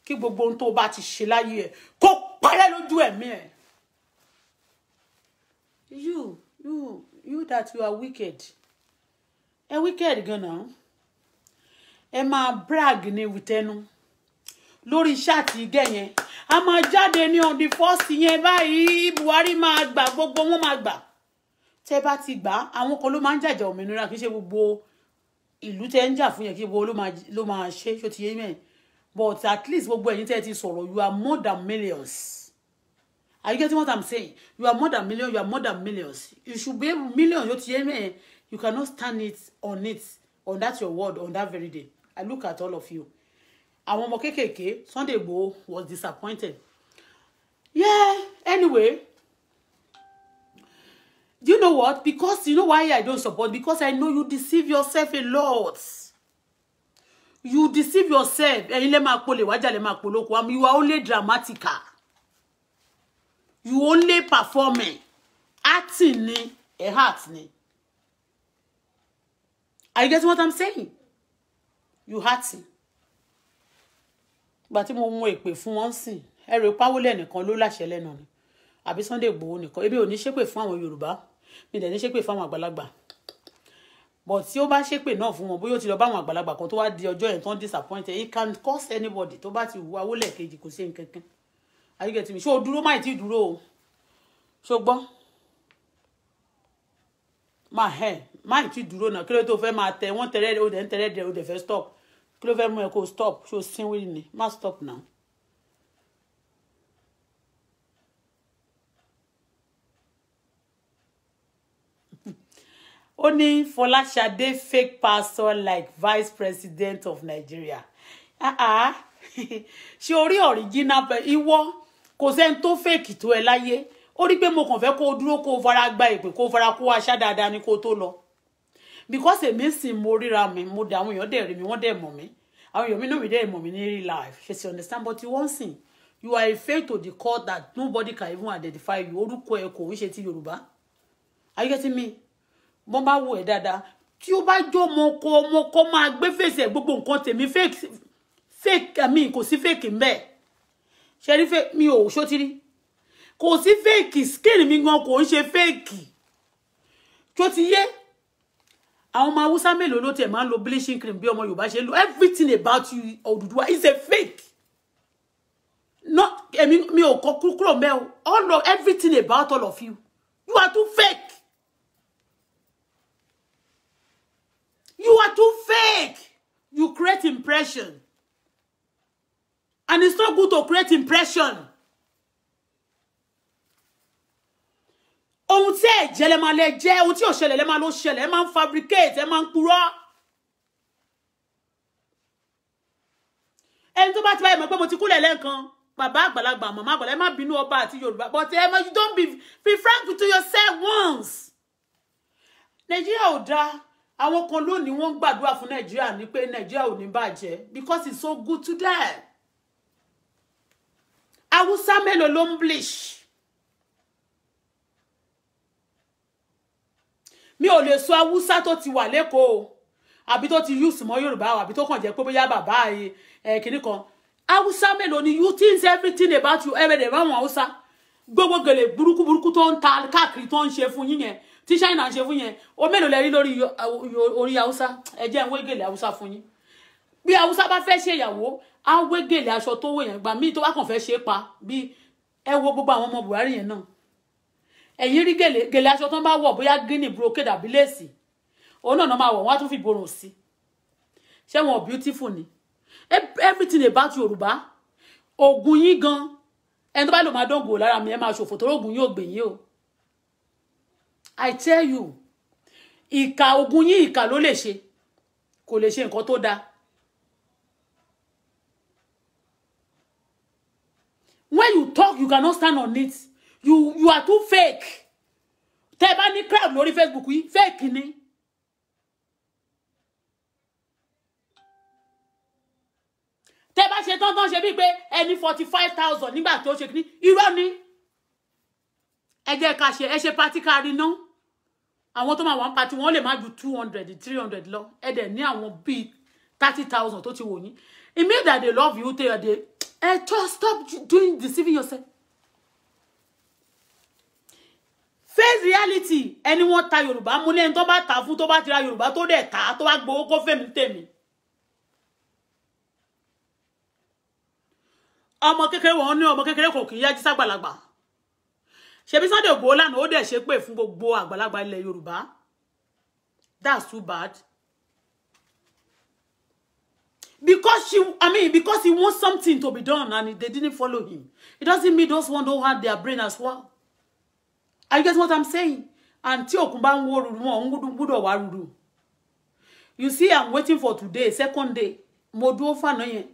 gbogbo ohun tó o ti ṣe láyé ẹ̀ kó parẹ́ lójú ẹ̀mí you you you that you are wicked ẹ wicked gan náà ẹ máa brag ní wìtẹ́nu lórí iṣẹ́ àti igẹ́ yẹn a máa jáde ní on the first yẹn báyìí Buhari máa gbà gbogbo wọn máa gbà tẹ bá ti gbà àwọn kan ló máa ń jàjà òmìnira kì í ṣe gbogbo ìlú tẹ ń jà fún yẹn kí gbogbo ló máa ṣe ṣó ti yé mẹ́rin but at least gbogbo ẹ̀yin tẹ́ ti sọ̀rọ̀ you are more than millions are you getting what i'm saying you are more than millions you are more than millions you should be millions yóò ti yé mẹ́rin you cannot stand it on it on that your word on that very day i look at all of you àwọn ọmọ kéékèèké Sunday Igboho was disappointed yeah anyway do you know what because you know why i don't support because i know you deceive yourself a lot you deceive yourself ẹ̀yin lè máa polè wájà lè máa polóko am you are only dramatica. you only performing acting ni ẹ heart ni are you getting what i'm saying you hurting ìgbà tí mo mú èpè fún wọn sìn ẹrù ìpawọlé nìkan ló láṣẹ lẹ́nu ni àbí Sunday Igboho nìkan ebi ò ní ṣépè fún àwọn Yorùbá mi dẹ̀ ní ṣépè fún àwọn àgbàlagbà but tí ó bá ṣépè náà fún wọn bóyá ó ti lọ bá àwọn àgbàlagbà kan tó wá di ọjọ́ yẹn tó ń disappointed it can cause anybody tó bá ti wu awolẹ̀ kejì kò sí nkankan ayíkẹ́ tí mi ṣé o dúró máì tí dúró o ṣó gbọ́ máa hẹ́ máì tí dúró náà kí ló tó fẹ́ máa tẹ wọ́n tẹ̀rẹ́ o dẹ̀ ń tẹ̀rẹ́ dẹ̀ o dẹ̀ fẹ́ stop kí ló fẹ́ mú ẹ kó stop ṣó sínwìn ni má stop náà. ó ní Fọláṣadé fake pastor like vice president of Nigeria ṣe orí original ìwọ kò sẹ́ni tó fake tó ẹ láyé ó rí pé mo kàn fẹ́ kó o dúró kó o fara gba ìpè kó o fara kó o aṣá dáadáa ni kó o tó lọ because èmi sì mo ríra mi mo dẹ̀ àwọn èèyàn dẹ̀ rí mi wọ́n dẹ̀ mọ̀ mi àwọn èèyàn mi náà mi dẹ̀ mọ̀ mi ní real life ṣe ti understand but you wọ́n sìn you are a faith to the call that nobody can even identify you orúkọ ẹ kò ń ṣe ti Yorùbá are you getting me bọ́n bá wù ẹ́ dáadáa tí ó bá jó mo kó mo kó máa gbé fèsì ẹ̀ gbogbo nǹkan tèmi fake fake I mean kò sí fake ń bẹ́ẹ̀ ṣe rí fake mi ò ṣótírí kò sí fake skin mi gan kò ń ṣe fake tó ti yé àwọn ọmọ haúsá mélòó ló tiẹ̀ máa ń lo bleaching cream bí ọmọ yorùbá ṣe ń lo everything about you Odùduwà is a fake Not èmi mi ò kọ kúrò mẹ́ o all of everything about all of you you are too fake you are too fake you create impression and it's not good to create impression. ohun tí ẹ jẹ́ lẹ máa lẹ jẹ́ ohun tí ò ṣẹlẹ̀ lẹ máa ló ṣẹlẹ̀ ẹ máa ń fabricate ẹ máa ń purọ́ ẹni tó bá ti báyìí mọ̀ pé mo ti kúlẹ̀ lẹ́ẹ̀kan bàbá àgbàlagbà màmá àgbàlá ẹ má bínú ọba àti yorùbá but ẹ má you don't be be frank to yourself once nàìjíríà ò dáa àwọn kan lónìí wọ́n ń gbàdúrà fún nàìjíríà ní pé nàìjíríà ò ní bàjẹ́ because it's so good to die haúsá mélòó ló ń bleach. mi ò lè sọ haúsá tó ti wà lẹ́kọ̀ọ́ àbí tó ti use mọ́ yorùbá àbí tó kàn jẹ́ pé bóyá bàbá ẹ̀ kìnnì kan haúsá mélòó ni you think everything about you ẹ̀rẹ̀ dẹ̀ ráwọn haúsá gbogbo gèlè burúkú burúkú tó ń ta káàkiri tó ń ṣe fún yín yẹn tí china ń ṣe fún yẹn o mélòó lẹ rí lórí uh, uh, orí haúsá ẹ jẹ́ ń wé gèlè haúsá fún yín bí haúsá bá fẹ́ ṣe ìyàwó á wé gèlè aṣọ tó wò yẹn gbà míì tó bá kàn fẹ́ ṣe é pa bí ẹ wo gbogbo àwọn ọmọ buhari yẹn náà ẹ̀yin rí gèlè gèlè aṣọ tó ń bá wọ̀ bóyá gíní brocade àbí léèsì òun náà máa wọ̀ wọ́n á tún fi borùn sí ṣé wọn beautiful ni everything about yorùbá ògùn yín gan ẹni tó bá lò máa dán gòó lára mi ẹ máa ṣòfò tó rògùn yín ò gbè o i tell you ìkà ògùn yín ìkà ló lè ṣe kò lè ṣe nǹkan tó dáa when you talk you cannot stand on it you you are too fake tẹ́ ẹ bá ní crowd lórí Facebook yìí fake ni. tẹ́ ẹ bá ṣe tán tán ṣe bíi pé ẹni forty five thousand nígbà tó ṣe kí ni irọ́ ni ẹ jẹ́ ká ṣe ẹ ṣe pátí kárí náà àwọn tó máa wà ń pati wọn lè má ju two hundred three hundred lọ ẹ dẹ̀ ní àwọn bíi thirty thousand tó ti wò yín it mean that they love you they are they ẹ just stop doing deceiving yourself face reality ẹni wọ́n ta yorùbá mo ní ẹni tó bá ta fún tó bá ti ra yorùbá tó dẹ̀ ta tó wá gbowó kó fèmí tèmi. ọmọ kékeré wọn ní ọmọ kékeré kò kì í yájú ságbàlagbà ṣebí Sunday Igboho lánàá ó dẹ̀ ṣe pé fún gbogbo àgbàlagbà ilẹ̀ yorùbá that's too bad because she i mean because he wants something to be done and they didn't follow him it doesn't mean those one don't have their brain as well are you getting what i'm saying and tí òkun bá ń wó ruru wọn you see i'm waiting for today second day mo dúró fànà yẹn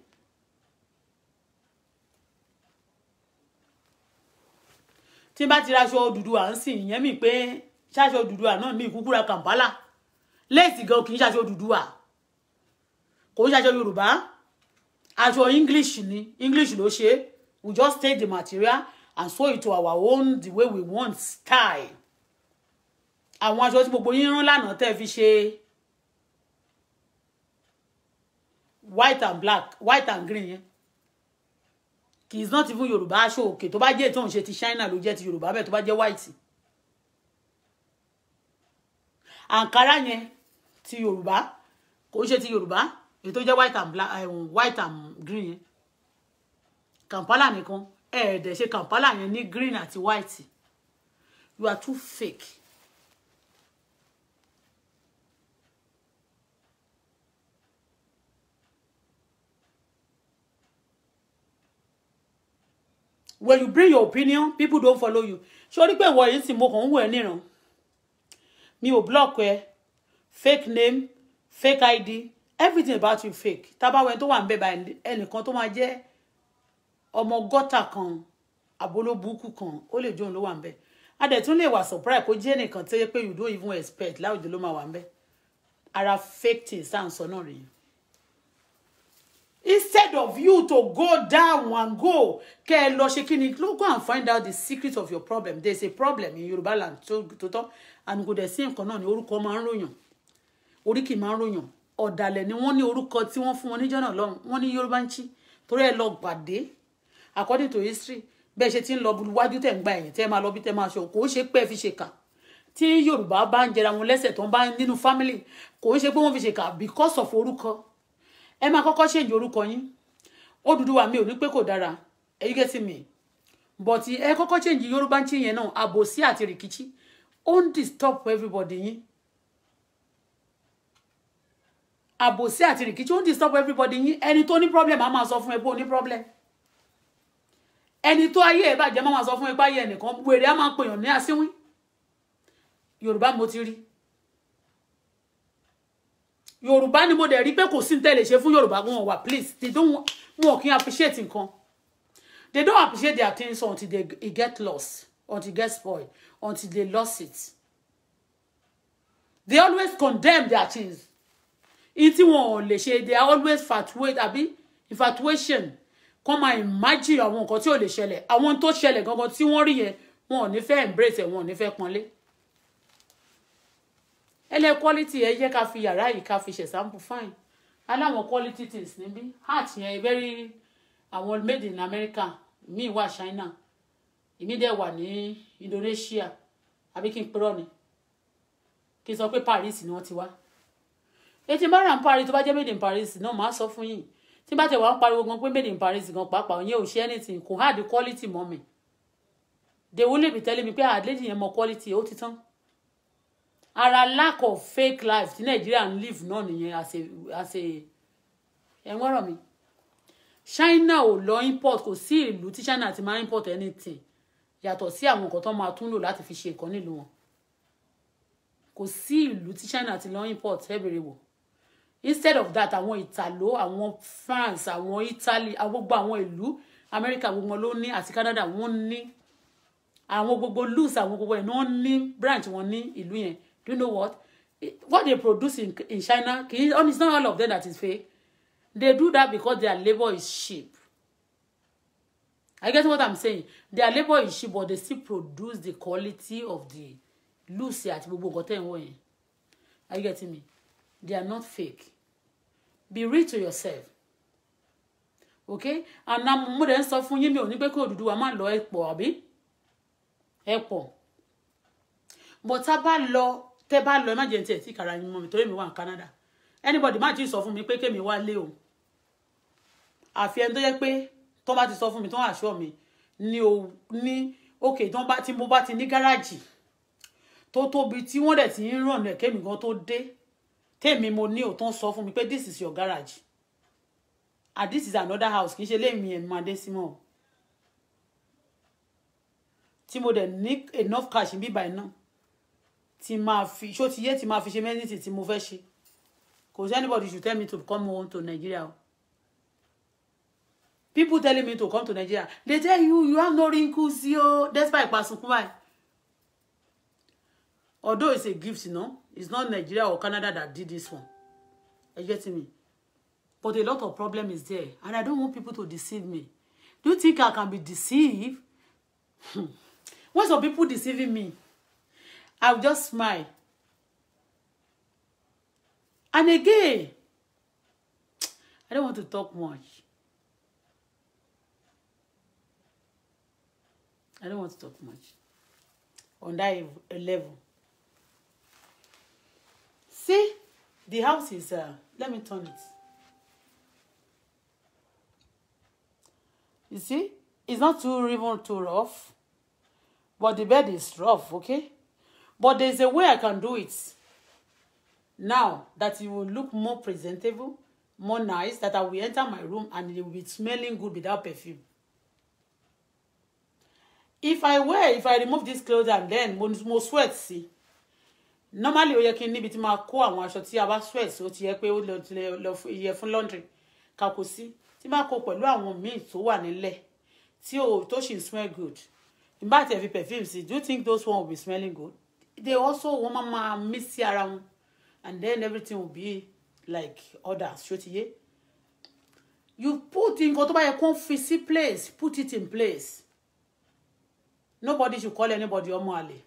tí n bá ti raṣọ dúdú à ń sìn ìyẹn mi pé ṣaṣọ dúdú à náà mi ìkúkúra kàmpálà léèsì gan kì í ṣaṣọ dúdú à kò ń english ni english ló ṣe we just take the material and sew it to our own the way we want style àwọn aṣọ tí gbogbo yín rán lánàá tẹ́ fi ṣe white and black white and green yẹn kì í not even yorùbá aṣọ òkè tó bá jẹ́ ètò ṣe ti china ló jẹ́ ti yorùbá bẹ́ẹ̀ tó bá jẹ́ white àǹkárá yẹn ti yorùbá kò ń ṣe ti yorùbá èyí tó jẹ́ white and black eh, white and green yẹn kampala nìkan ẹ̀ẹ́dẹ̀ ṣe Kampala yẹn ní green àti white you are too fake. when you bring your opinion people don't follow you sori pé ìwọ yìí sì mo kàn ń wò ẹ́ níran mi ò block ẹ fake name fake id everything about you fake Taba ẹni tó wà ń bẹ báyìí ẹnìkan tó máa jẹ́ ọmọ gọ́tà kan àbólóbùkù kan ó lè jóun ló wà ń bẹ̀ a dẹ̀ tún lè wà surprise kó jẹ́ nìkan tó yẹ pé you don't even expect láwùjọ ló máa wà ń bẹ̀ ara fake things tá à ń sọ náà rèé instead of you to go down and go kẹ ẹ lọ ṣe kíni ló go and find out the secret of your problem there is a problem in Yoruba land tó tó tọ́ and kò dẹ̀ sí nǹkan náà ni orúkọ máa ń ròyàn oríkì máa ń ròyàn ọ̀dàlẹ̀ ni wọ́n ní orúkọ tí wọ́n fún wọn níjọ́ náà lọ́rùn wọ́n ní Yorùbá ń chí torí ẹ lọ gbàdé according to history bẹ́ẹ̀ ṣe ti ń lọ wájú tẹ̀ ń gba ẹ̀yìn tẹ́ máa lọ bí tẹ́ máa ṣọ kò ó ṣe pé ẹ fi ṣe kà tí yorùbá bá ń jẹra wọn lẹ́sẹ̀ tó ń bá nínú family kò ó ṣe pé wọ́n fi ṣe kà because of orúkọ ẹ máa kọ́kọ́ ṣèǹjẹ orúkọ yín Odùduwà mi ò ní pé kò dára are you getting me but ẹ kọ́kọ́ ṣèǹjẹ yorùbá ń ṣèyẹn náà àbòsí àti rìkíṣí ó ń disturb everybody yín àbòsí àti rìkíṣí ó ń disturb everybody yín ẹni tó ní problem á máa sọ fún ẹ pé ó ní problem ẹni tó ayé ẹ bàjẹ́ máa sọ fún ipá ayé ẹnìkan wèrè á máa pèèyàn ní asínwín yorùbá mo ti rí yorùbá ni mo dẹ̀ rí pé kò sí ní tẹ́lẹ̀ ṣe fún yorùbá wọn wà please they don't wọn kì í appreciate nǹkan they don't appreciate their things until they get lost until it get spoiled until they lost it they always condemn their things in tí wọn ò lè ṣe they are always fatuate abi infatuation kọ́ máa ìmájì àwọn nǹkan tí ò lè ṣẹlẹ̀ àwọn tó ṣẹlẹ̀ gangan tí wọ́n rí yẹn wọn ò ní fẹ́ embrace ẹ̀ wọn ò ní fẹ́ pọ́nlé. ẹlẹ́ quality ẹ yẹ ká fi yàrá yìí ká fi ṣẹ̀sáǹpù fine aláwọn quality things níbí heart yẹn very àwọn made in America míì wà China ìmí dẹ̀ wà ní Indonesia àbí kí n pẹ́rọ ni kí n sọ pé Paris ni wọ́n ti wá ètò ìbára ń Paris tó bá jẹ́ made in Paris náà màá sọ fún yín tí bá tẹ̀ wá ń pariwo gan pé made in Paris gan pàápàá òun yẹn ò ṣe anything kò hard quality mọ́ mi they will be telling me pé àdéhùn ah, yẹn mọ quality ó ti tán ara lack of fake life tí Nàìjíríà ń live náà nìyẹn àṣe àṣe ẹ̀ ń wọ́rọ̀ mi China ò lọ import kò sí ìlú tí China ti máa import anything yàtọ̀ sí àwọn nǹkan tó máa tún lò láti fi ṣe nǹkan nílùú wọn kò sí ìlú tí China ti lọ import ẹ̀ instead of that àwọn ìtàló àwọn France àwọn Italy àwọn gbogbo àwọn ìlú America gbogbo ló ní àti Canada wọ́n ní àwọn gbogbo loose àwọn gbogbo ẹ̀ náà ní branch wọn ní ìlú yẹn do you know what what they produce in, in China kì í it's not all of them that is fake they do that because their labour is cheap I get what I'm saying. Their labour is cheap, but they still produce the quality of the loose àti gbogbo nǹkan tẹ̀ ń wọ̀ Are you getting me? They are not fake be real to yourself okay and na mo dẹ̀ ń sọ fún yín mi ò ní pé kí Odùduwà má lọ ẹ̀pọ̀ àbí ẹ̀pọ̀ but tá a bá lọ tẹ́ bá lọ ẹ má jẹ́ ní tiẹ̀ tí kàrà mi torí mi wa Canada anybody ma ti sọ fún mi pé kémi wá lé o àfi ẹni tó yẹ pé tó bá ti sọ fún mi tó ń àṣọ mi ni o ní okay tó bá ti mo ba ti ni garage. tó tóbi tí wọ́n dẹ̀ ti ń ràn ní mi gan to dé tèmi mo ní òótọ́ sọ fún mi pé this is your garage and this is another house kì í ṣe lémi ẹ̀ máa dé sí mo dẹ̀ ní enough cash bí báyìí náà tí máa fi ṣó ti yé tí máa fi ṣe mẹ́nìtì tí mo fẹ́ ṣe kò anybody should tell me to come home to Nigeria people telling me to come to Nigeria they tell you you have no wrinkles o despite pasunkun báyìí although it's a gift you know It's not Nigeria or Canada that did this one. Are you getting me? But a lot of problem is there. And I don't want people to deceive me. Do you think I can be deceived? When some people deceiving me, I'll just smile. And again, I don't want to talk much. I don't want to talk much on that level. See, the house is, uh, let me turn it. You see, it's not too even too rough, but the bed is rough, okay? But there's a way I can do it now that it will look more presentable, more nice, that I will enter my room and it will be smelling good without perfume. If I wear, if I remove this clothes and then mo sweat, see, normally ó yẹ kí n níbi tí máa kó àwọn aṣọ tí a bá sweat ó ti yẹ pé ó lọ yẹ fún laundry ká kó sí tí máa kó pẹ̀lú àwọn míì tó wà nílẹ̀ tí ò tó sì smell good In tí ẹ fi perfume sí do you think those one will be smelling good they also wọ́n máa máa mí sí ara wọn and then everything will be like others ṣó ti yé you put nǹkan tó bá yẹ kó fi sí place put it in place nobody should call anybody ọmọ àlè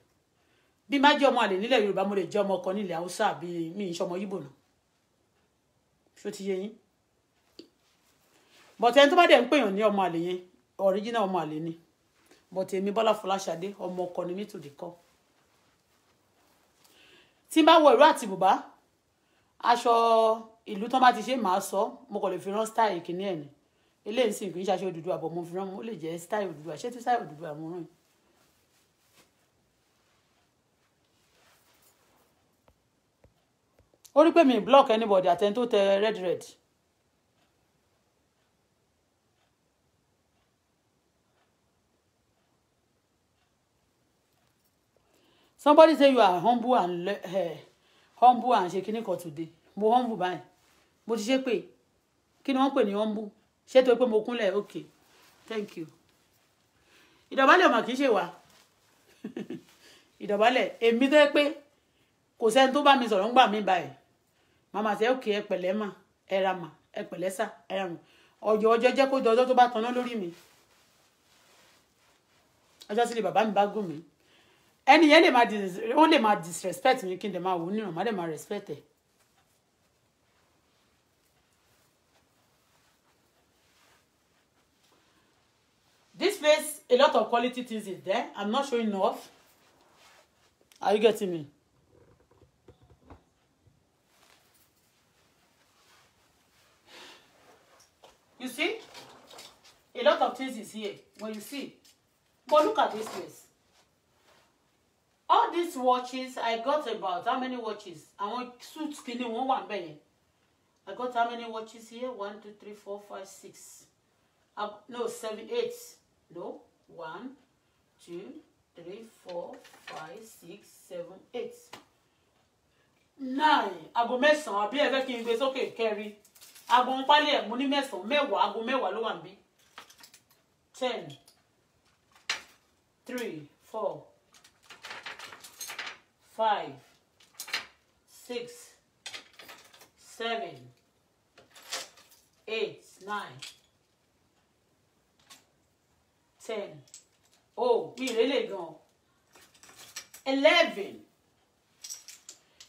bí má jẹ́ ọmọ àlè nílẹ̀ yorùbá mo lè jẹ́ ọmọ ọkọ nílẹ̀ haúsá àbí mi ìṣe ọmọ yíbò náà ṣó ti yé yín bọ̀tẹ́ ẹni tó bá dẹ̀ ń pèèyàn ní ọmọ àlè yẹn original ọmọ àlè ni bọ̀tẹ́ èmi bọ́lá fọláṣadé ọmọ ọkọ ni mí tòdì kọ́ tí n bá wọ ìró àti bùbá aṣọ ìlú tán bá ti ṣe màá sọ mo kàn lè fi rán style kìíní ẹ̀ ní eléyìí sì kì í ṣe ó rí pé mi block anybody àtẹni tó tẹ red red. somebody say you are humble and uh, humble and ṣe kíní kan today mo humble báyìí mo ti ṣe pé kí ni wọ́n pè ní humble ṣé tó pé mo kúnlẹ̀ okay thank you ìdọ̀bálẹ̀ ọmọ kì í ṣe wá ìdọ̀bálẹ̀ èmi tó yẹ pé kò sẹ́ni tó bá mi sọ̀rọ̀ ń gbà mí báyìí Mama sẹ òkè ẹ pẹ̀lẹ́ ma, ẹ ra ma, ẹ pẹ̀lẹ́ sa, ẹ ra mà ọjọ́ ọjọ́ jẹ́ kó dọjọ́ tó bá tanná lórí mi ọjọ́ sílé bàbá mi bá gùn mí ẹni yẹn lè máa ó lè máa disrespect mi kí n dẹ̀ máa wò ó níràn má dẹ̀ máa respect ẹ̀. This place, a lot of quality things is there. I'm not showing off. Are you getting me? You see? A lot of things is here. Well, you see. But look at this place. All these watches, I got about how many watches? I want suit skinny one one bẹ́yẹn. I got how many watches here? One, two, three, four, five, six. Uh, no, seven, eight. No, one, two, three, four, five, six, seven, eight. Nine. I go án àbí ẹ be kí n gbé Okay, carry aago ń pálí ẹ̀ mo ní mẹ́sàn-án mẹ́wàá aago mẹ́wàá ló wà ń bí ten three four five six seven eight nine ten o mi ìrẹ́lẹ̀ gan eleven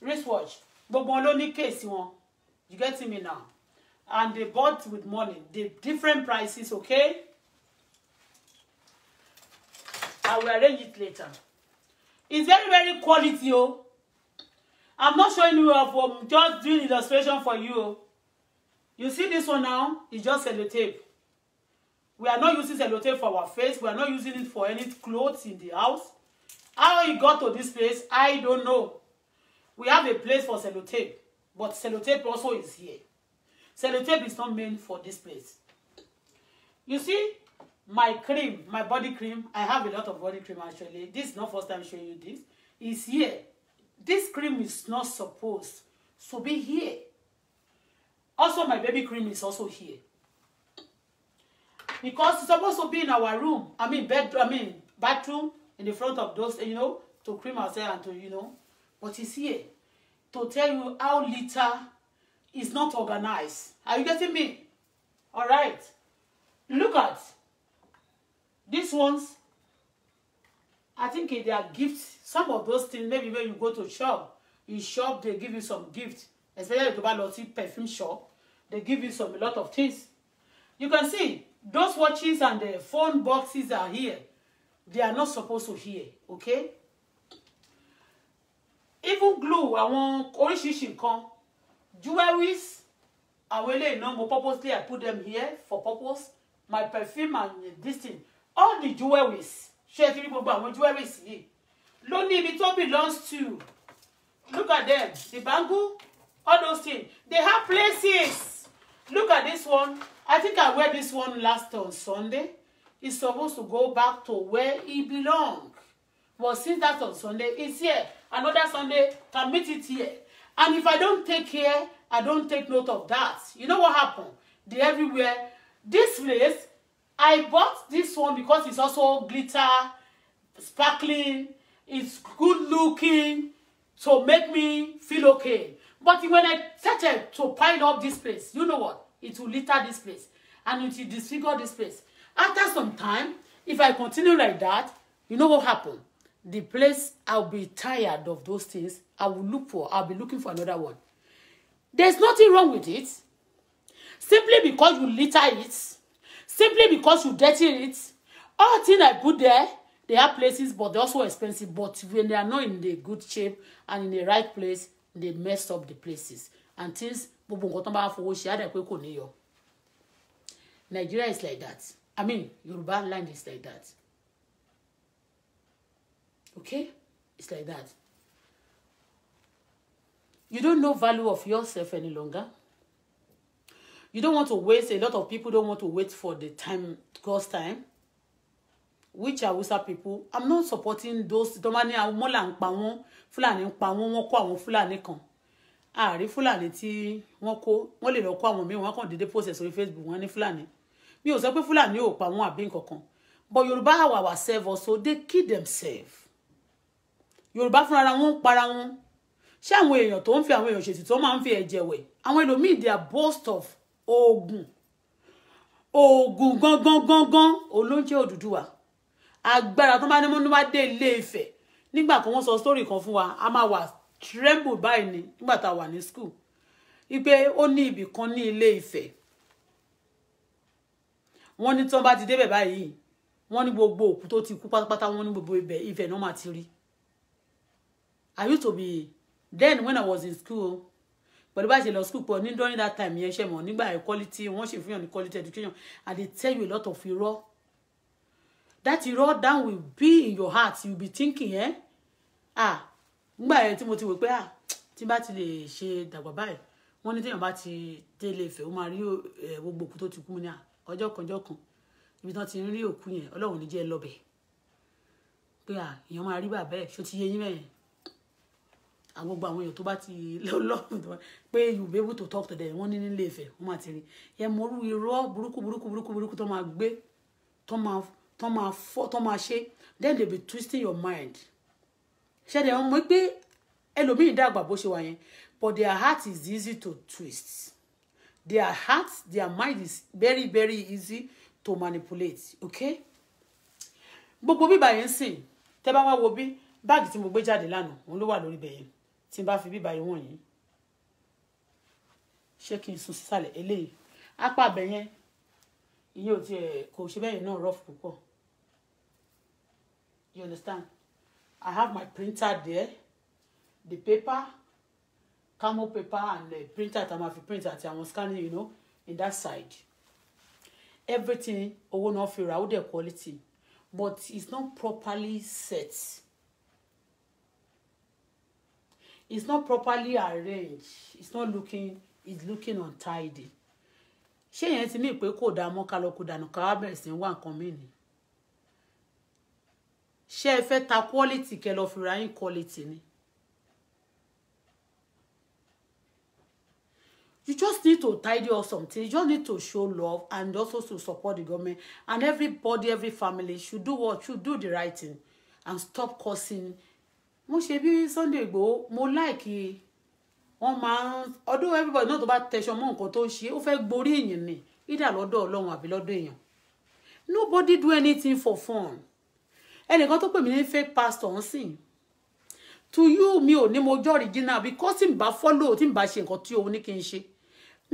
wristwatch gbogbo wọn ló ní kéèsì wọn you get me now and they bought with money the different prices okay i will arrange it later it's very very quality oh i'm not showing you off i'm just doing illustration for you oh. you see this one now it's just sellotape we are not using sellotape for our face we are not using it for any clothes in the house how it got to this place i don't know we have a place for sellotape but sellotape also is here So the tape is not made for this place. You see, my cream, my body cream, I have a lot of body cream actually. This is not first time showing you this. It's here. This cream is not supposed to be here. Also, my baby cream is also here. Because it's supposed to be in our room. I mean, bedroom, I mean, bathroom, in the front of those, you know, to cream ourselves and to, you know. But it's here to tell you how little is not organized. Are you getting me? All right. Look at these ones. I think they are gifts. Some of those things, maybe when you go to shop, in shop, they give you some gift. Especially to buy lots perfume shop, they give you some a lot of things. You can see those watches and the phone boxes are here. They are not supposed to hear, okay? Even glue, I àwọn oríṣiríṣi come jewelries àwọn eléyìí náà mo purposely i put them here for purpose my perfume and this thing all the jewelries ṣé three ti rí gbogbo jewelries here. ló ní ibi tó belongs to look at them the bangle all those things they have places look at this one i think i wear this one last on sunday it's supposed to go back to where it belong but since that on sunday it's here another sunday can meet it here And if I don't take care, I don't take note of that. You know what happened? They everywhere. This place, I bought this one because it's also glitter, sparkling, it's good looking to make me feel okay. But when I started to pile up this place, you know what? It will litter this place and it will disfigure this place. After some time, if I continue like that, you know what happened? The place, I'll be tired of those things I will look for, I'll be looking for another one. There's nothing wrong with it. Simply because you litter it, simply because you dirty it, all things I put there, they are places, but they're also expensive. But when they are not in the good shape and in the right place, they mess up the places. And things, Nigeria is like that. I mean, Yoruba land is like that. Okay? It's like that. You don't know value of yourself any longer. You don't want to wait. A lot of people don't want to wait for the time, God's time. Which are Hausa people. I'm not supporting those. Domani Awomola ń pa wọ́n, Fúlàní ń pa wọ́n, wọ́n kan. Ààrí Fúlàní tí wọ́n kó, wọ́n lè lọ kó àwọn míì, wọ́n kàn déédéé post sórí Facebook, wọ́n ní Fúlàní. Mi ò sọ pé Fúlàní ò pa wọ́n àbí But Yorùbá our ourselves also, they kill themselves. Yorùbá fúnra wọn ń para wọn ṣé àwọn èèyàn tó ń fi àwọn èèyàn ṣètì tó máa ń fi ẹ̀jẹ̀ wẹ̀ àwọn ẹlòmíì dia are boast of oògùn oògùn gangan gangan olóúnjẹ Odùduwà agbára tó bá ní mọ́nú bá dé ilé Ifẹ̀ nígbà kan wọ́n sọ story kan fún wa a máa wà tremble báyìí ni nígbà tá a wà ní school wípé ó ní ibì kan ní ilé Ifẹ̀ wọ́n ní tí wọ́n bá ti débẹ̀ báyìí wọ́n ní gbogbo òkú tó ti kú pátápátá wọ́n ní gbogbo ibẹ̀ Ifẹ̀ náà máa ti rí are you to be then when i was in school pẹ̀lú bá ṣe lọ school pọ̀ ní during that time yẹn ṣe mọ̀ nígbà quality wọ́n ṣe fún yàn ní quality education I they tell you a lot of irọ́ that irọ́ down will be in your heart you be thinking eh? ah nígbà yẹn tí mo ti wò pé ah tí bá ti lè ṣe dàgbà báyìí wọ́n ní téèyàn bá ti délé Ifẹ̀ ó máa rí eh, gbogbo òkú tó ti kú ní ah, ọjọ́ kan ọjọ́ kan ibi tí wọ́n ti rí òkú yẹn ọlọ́run ní jẹ́ lọ́bẹ̀ pé ah èèyàn máa rí bàbá ẹ̀ ṣó ti yé yín mẹ́yìn àwọn ah, gbogbo àwọn èèyàn tó bá ti lọ́ọ̀lọ́ọ̀fù tó bá pé you be able to talk to them wọ́n ní nílé ìfẹ́ wọ́n máa ti rí yẹ mo rú irọ́ burúkú burúkú burúkú burúkú tó máa gbé tó máa tó máa fọ́ tó máa ṣe then they be twisting your mind ṣẹlẹ̀ wọn mọ̀ pé ẹlòmíì dàgbà bó ṣe wà yẹn but their heart is easy to twist their heart their mind is very very easy to manipulate okay gbogbo bíbá yẹn sìn tẹ́ bá wá wo bí báàgì tí mo gbé jáde lánàá òun ló wà lórí bẹ̀yẹn tí n bá fi bíbá ìwọ̀n yìí ṣé kí n sún sísàlẹ̀ eléyìí apá abẹ yẹn ìyẹn ò tiẹ̀ kò ṣe bẹ́ẹ̀ náà rough púpọ̀ you understand I have my printer there the paper camo paper and the eh, printer tá a máa fi print àti àwọn scanning you know in that side everything owó náà fi ra ó dẹ̀ quality but it's not properly set it's not properly arranged it's not looking it's looking untidy ṣé yẹn ti mí pé kò dáa mọ́ ká lọ kó dànù ká wá bẹ̀rẹ̀ sí wá nǹkan mí ni ṣé ẹ fẹ́ ta quality kẹ lọ fìrà yín quality ni you just need to tidy up something you just need to show love and also to support the government and everybody every family should do what should do the right thing and stop causing wọ́n ṣe bí Sunday Igboho mo like wọ́n máa ń ọdún everybody náà tó bá tẹṣọ mọ́ nǹkan tó ń ṣe ó fẹ́ gborí èèyàn ni ìdá lọ́dọ̀ ọlọ́run àbí lọ́dọ̀ èèyàn nobody do anything for fun ẹnìkan tó pè mí ní fake pastor ń sìn to you mi ò ní mo jọ́ original because tí n bá follow tí n bá ṣe nǹkan tí òun ní kí n ṣe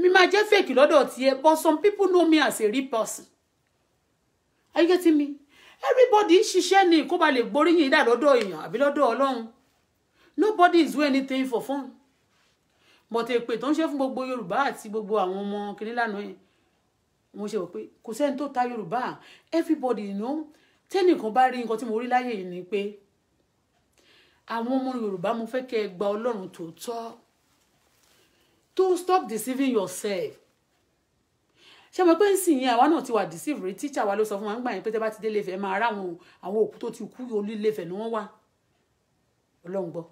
mi máa jẹ́ fake lọ́dọ̀ tiẹ̀ but some people know me as a real person are you getting me everybody ń ṣiṣẹ́ ni kó ba lè gboríyìn dà lọ́dọ̀ èèyàn àbí lọ́dọ̀ ọlọ́run nobody is doing anything for fun but èpè tó ń ṣe fún gbogbo yorùbá àti gbogbo àwọn ọmọ kìnínní lánàá yẹn mo ṣe wò pé kò sẹ́ni tó ta yorùbá everybody you know tẹ́nìkan bá rí nǹkan tí mo rí láyé yìí ni pé àwọn ọmọ yorùbá mo fẹ́ kẹ́ ẹ gba ọlọ́run tòótọ́ to stop deceiving yourself ṣé mo pé ń sìn yẹn àwa náà ti wà deceive rí teacher wa ló sọ fún wa ń gbà yẹn pé tẹ́ bá ti dé Ilé-Ifẹ̀ máa rá àwọn àwọn òkú tó ti kú olú Ilé-Ifẹ̀ ni wọ́n wà ọlọ́run gbọ́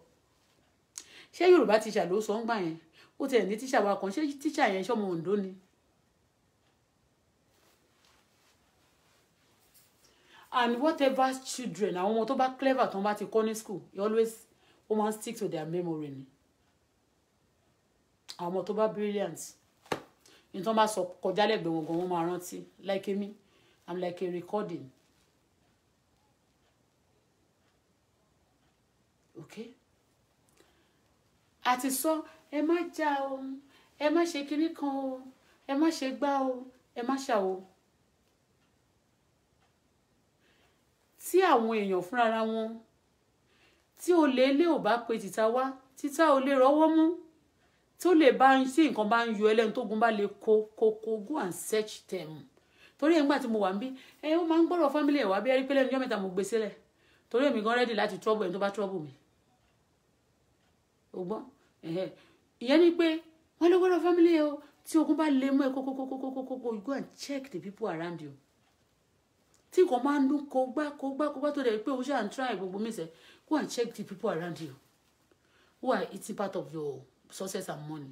ṣé Yorùbá teacher ló sọ ń gbà yẹn ó tiẹ̀ ní teacher wa kan ṣé teacher yẹn ṣọmọ Ondo ni and whatever children àwọn ọmọ tó bá clever tó bá ti kọ́ ní school he always always stick to their memory ni àwọn ọmọ tó bá brilliant ní tó bá sọ kọjá lẹ́gbẹ̀ẹ́ wọn gan wọ́n máa rántí like me i'm like a recording okay àti sọ ẹ má já o ẹ má ṣe kinní kan o ẹ má ṣe gbá o ẹ má ṣà o tí àwọn èèyàn fúnra wọn tí olè ilé ò bá pe tìta wá tìta ò lè mú tó lè bá ń sí nǹkan bá ń yọ ẹlẹ́nu tó gun bá lè kó kó kó go and search them torí ẹ̀ ń gbà tí mo wà ń bí ẹ ó máa ń gbọ́dọ̀ family ẹ̀ wá bí ẹrí pé lẹ́nu ọjọ́ mẹ́ta mo gbé sílẹ̀ torí èmi gan ready láti trouble ẹni tó bá trouble mi o gbọ́ ìyẹn ni pé wọ́n lè gbọ́dọ̀ family ẹ̀ o tí ogun bá lè mú ẹ kó kó kó kó kó kó kó kó go and check the people around you tí nǹkan máa ń dún kó gbá kó gbá kó gbá tó dẹ̀ pé o ṣáà ń try gbogbo mi sẹ́ go and check the people around you who are eating part of your success and money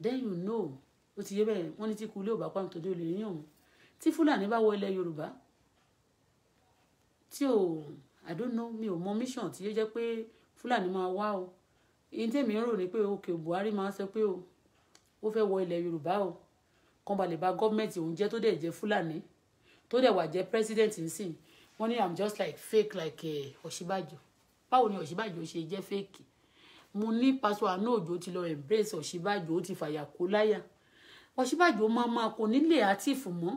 then you know ó ti yé bẹ́ẹ̀ wọ́n ní tí kú ilé ò bá pàmò tó dé olè yín òun tí fúlàní bá wọ ilẹ̀ yorùbá tí ò i don't know mi ò mọ mission tí ó jẹ́ pé fúlàní máa wá o ìyẹn tèmi ń rò ní pé òkè buhari máa sọ pé o ó fẹ́ wọ ilẹ̀ yorùbá o kan balẹ̀ bá gọ́ọ̀mẹ̀ntì òun jẹ́ tó dẹ̀ jẹ́ fúlàní tó dẹ̀ wà jẹ́ president nsìn wọ́n ní i'm just like fake like eh, ọ̀ṣibàjò báwo ni ọ̀ṣibàjò ṣe jẹ́ fake mo ní pásọ àánú òjò ti lọ embrace ọ̀ṣíbàjò ó ti fàyà kó láyà ọ̀ṣíbàjò máa máa kò nílé àtìfù mọ́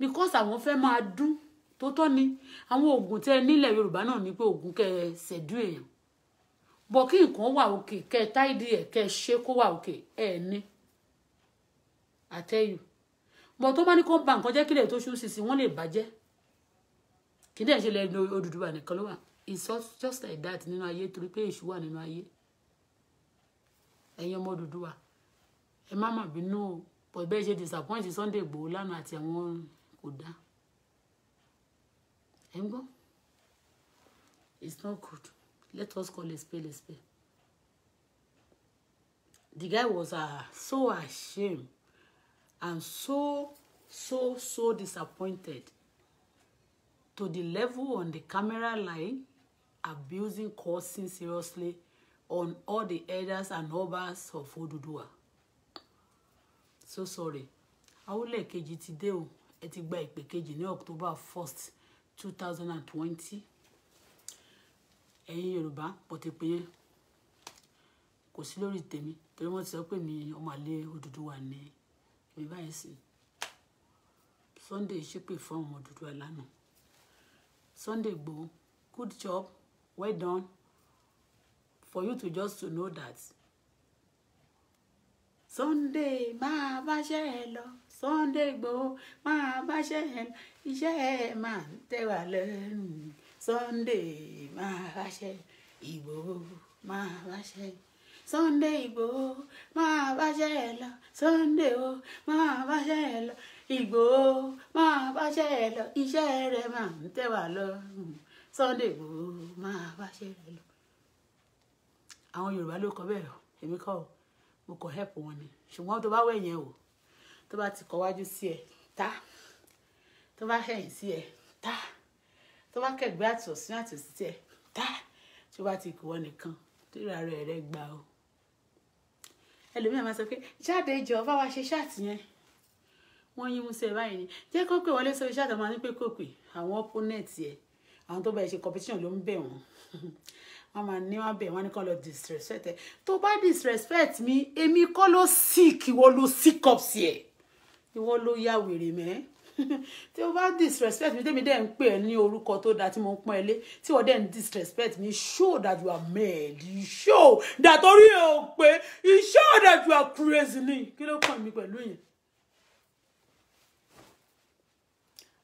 because àwọn fẹ́ máa dún tó tọ́ ni àwọn oògùn tẹ́ nílẹ̀ yorùbá náà ní pé oògùn kẹ́ ẹ ṣẹ̀dú èèyàn bọ̀ kí nǹkan wà òkè kẹ́ ẹ táìdì ẹ̀ kẹ́ ẹ ṣe kó wà òkè ẹ̀ ní àtẹ́yù bọ̀ tó bá ní kó ba nǹkan jẹ́ kílẹ̀ tó ṣú sísìn wọ́n lè bàjẹ́ kí ní ẹ̀ ṣe lẹ́nu Odùduwà nìkan ló wà it's just like that nínú ayé torí pé èṣù wà nínú ayé ẹ̀yin ọmọ Odùduwà ẹ má mà bínú o pọ̀ bẹ́ẹ̀ ṣe disappoint Sunday Igboho lánàá àti àwọn kò dá ẹ ń gbọ́ it's not good let us call a spade a spade the guy was uh, so ashamed and so so so disappointed to the level on the camera line abusing cursing seriously on all the elders and obas of Odùduwà so sorry awolẹ̀ kejì ti dé o ẹ ti gba ìpè kejì ní October first two thousand and twenty ẹ̀yin Yorùbá pọ̀tẹ́pẹ́ yẹn kò sí lórí tèmi torí wọ́n ti sọ pé mi ọmọ àlè Odùduwà ní èmi báyìí sí Sunday ṣépè fún ọmọ Odùduwà lánàá Sunday Igboho good job well done for you to just to know that Sunday máa báṣẹ́ ẹ lọ Sunday Igboho máa báṣẹ́ ẹ lọ iṣẹ́ ẹ máa ń tẹ̀wá lẹ́nu Sunday máa báṣẹ́ Igboho máa báṣẹ́ Sunday Igboho máa báṣẹ́ ẹ lọ Sunday o máa báṣẹ́ ẹ lọ Igboho máa báṣẹ́ ẹ lọ iṣẹ́ rẹ máa ń tẹ̀wá lọ́rùn Sunday Igboho máa báṣẹ́ ẹ lọ àwọn yorùbá ló kọ bẹ́ẹ̀ èmi kọ́ mo kọ help wọn ni ṣùgbọ́n tó bá wẹ̀ yẹn o tó bá ti kọ wájú sí ẹ tá tó bá kẹ̀yìn sí ẹ tá tó bá kẹ̀gbẹ́ àtòsí àtòsí sí ẹ tá tó bá ti kọ wọn nìkan tó ìrà rẹ̀ rẹ̀ gbà o ẹlòmíràn máa sọ pé jáde jọ bá wa ṣe ṣáàtì yẹn wọ́n yín músẹ́ báyìí ni jẹ́ kó pé wọlé sórí ṣáàtì máa ní pé kò pè àwọn opponent yẹ àwọn tó bá ẹ ṣe competition ló ń bẹ̀ wọ́n wọ́n máa ní wọ́n bẹ̀ wọ́n ní kọ́ lọ disrespect ẹ̀ tó bá disrespect mi èmi kọ́ ló sick ìwọ ló sick up sí ẹ̀ ìwọ ló yá wèrè mẹ́ tí o bá disrespect mi tẹ́mi dẹ́ ń pè ẹ́ ní orúkọ tó dáa tí mo ń pọ́n ẹ lé tí wọ́n dẹ́ ń disrespect mi show that you are mad you show that orí ẹ ò pé you show that you are crazy ni kí ló kàn mí pẹ̀lú yẹn.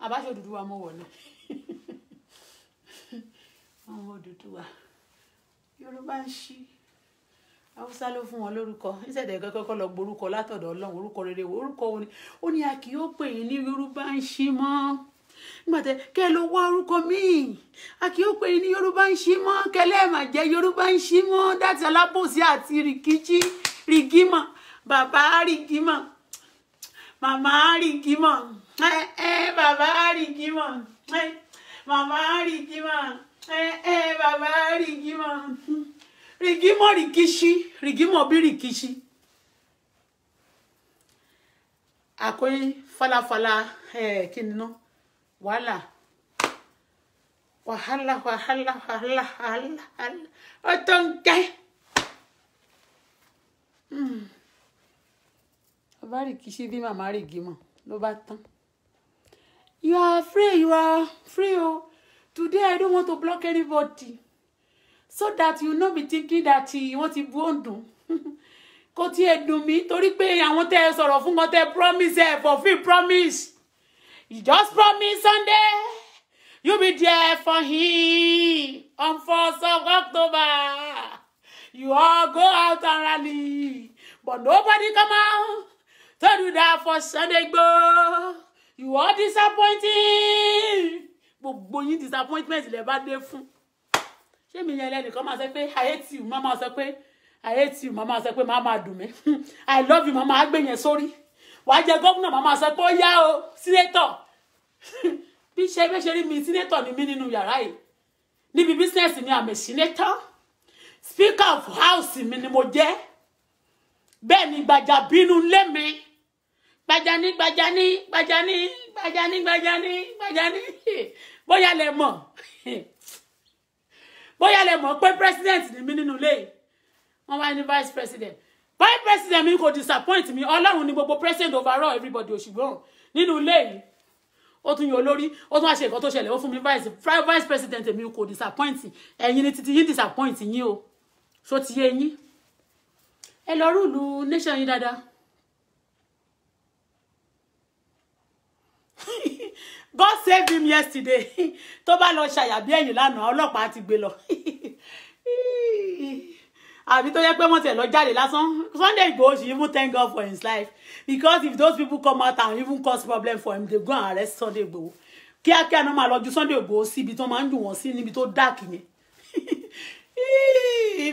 àbáṣe Odùduwà mo wọ̀ ni ọmọ Odùduwà yorùbá ń ṣí haúsá ló fún wọn lórúkọ ìṣẹ̀dẹ̀ kọ́kọ́ lọ gborúkọ látọ̀dọ̀ ọlọ́run orúkọ rere orúkọ wo ni ó ní a kì í ó pè yín ní yorùbá ń ṣí mọ́ nígbàtẹ kẹ ló wá orúkọ míì a kì í ó pè yín ní yorùbá ń ṣí mọ́ kẹlẹ́ ẹ̀ mà jẹ́ yorùbá ń ṣí mọ́ dáàtì alábòsí àti rìkíjì rìgímọ̀ bàbá rìgímọ̀ màmá rìgímọ̀ ẹ ẹ bàbá rìgímọ̀ ẹ màmá rìgímọ̀ ẹ ẹ bàbá rìgímọ rìgímọ rìkíṣí rìgímọ bí rìkíṣí àkóyí falafala ẹ kí ni ná wàhálà wàhálà wàhálà wàhálà wàhálà ọtọ nkẹ. Hmm. bàbá rìkíṣí bí màmá rìgímọ ló bá tán you are free you are free Oh today i don't want to block anybody so that you no be thinking that wọ́n ti bu òǹdùn kò tiẹ̀ dùn mí torí pé àwọn tẹ́ ẹ sọ̀rọ̀ fún wọn tẹ́ ẹ promise ẹ fulfil promise you just promise sunday you be there for him on 4th of october you all go out and rally but nobody come out tell you that for sunday go you all disappointing gbogbo yín disappointment lẹ bá dé fún ṣé mi yẹn lẹ́nìkan máa sọ pé i hate you Mama." máa sọ pé i hate you Mama." máa sọ pé máa máa dùn i love you Mama. máa gbé yẹn sórí wàá jẹ Mama máa máa sọ pé ó yá o sínétọ̀ bí ṣe bí ṣe rí mi sínétọ̀ ni mí nínú yàrá yìí níbi bísínẹ́sì ni àmì sínétọ̀ speaker of house mi ni mo jẹ́ bẹ́ẹ̀ ni gbàjà bínú lé mi gbàjà ní gbàjà ní gbàjà ní gbàjà ní gbàjà ní gbàjà ní. bóyá lẹ mọ̀ bóyá lẹ mọ̀ pé president ni mí nínú ilé yìí wọ́n wá vice president vice president mi kò disappoint mi ọlọ́run ni gbogbo president overall everybody òṣùgbọ́n nínú ilé yìí ó tún yan olórí ó tún wá ṣe nǹkan tó ṣẹlẹ̀ ó fún mi vice vice president mi kò disappoint ẹ̀yin ni titi yín disappoint yín o so ti yé yín ẹ lọ rúùlù nation yín dáadáa. God saved him yesterday tó bá lọ ṣàyàbí ẹ̀yìn lánàá ọlọ́pàá ti gbé lọ àbí tó yẹ pé wọ́n tiẹ̀ lọ jáde lásán Sunday Igboho should even thank God for his life because if those people come out and even cause problem for him they go and arrest Sunday Igboho kíákíá no máa lọ ju Sunday Igboho síbi tó máa ń dùn wọ́n sí níbi tó dáàkì yẹn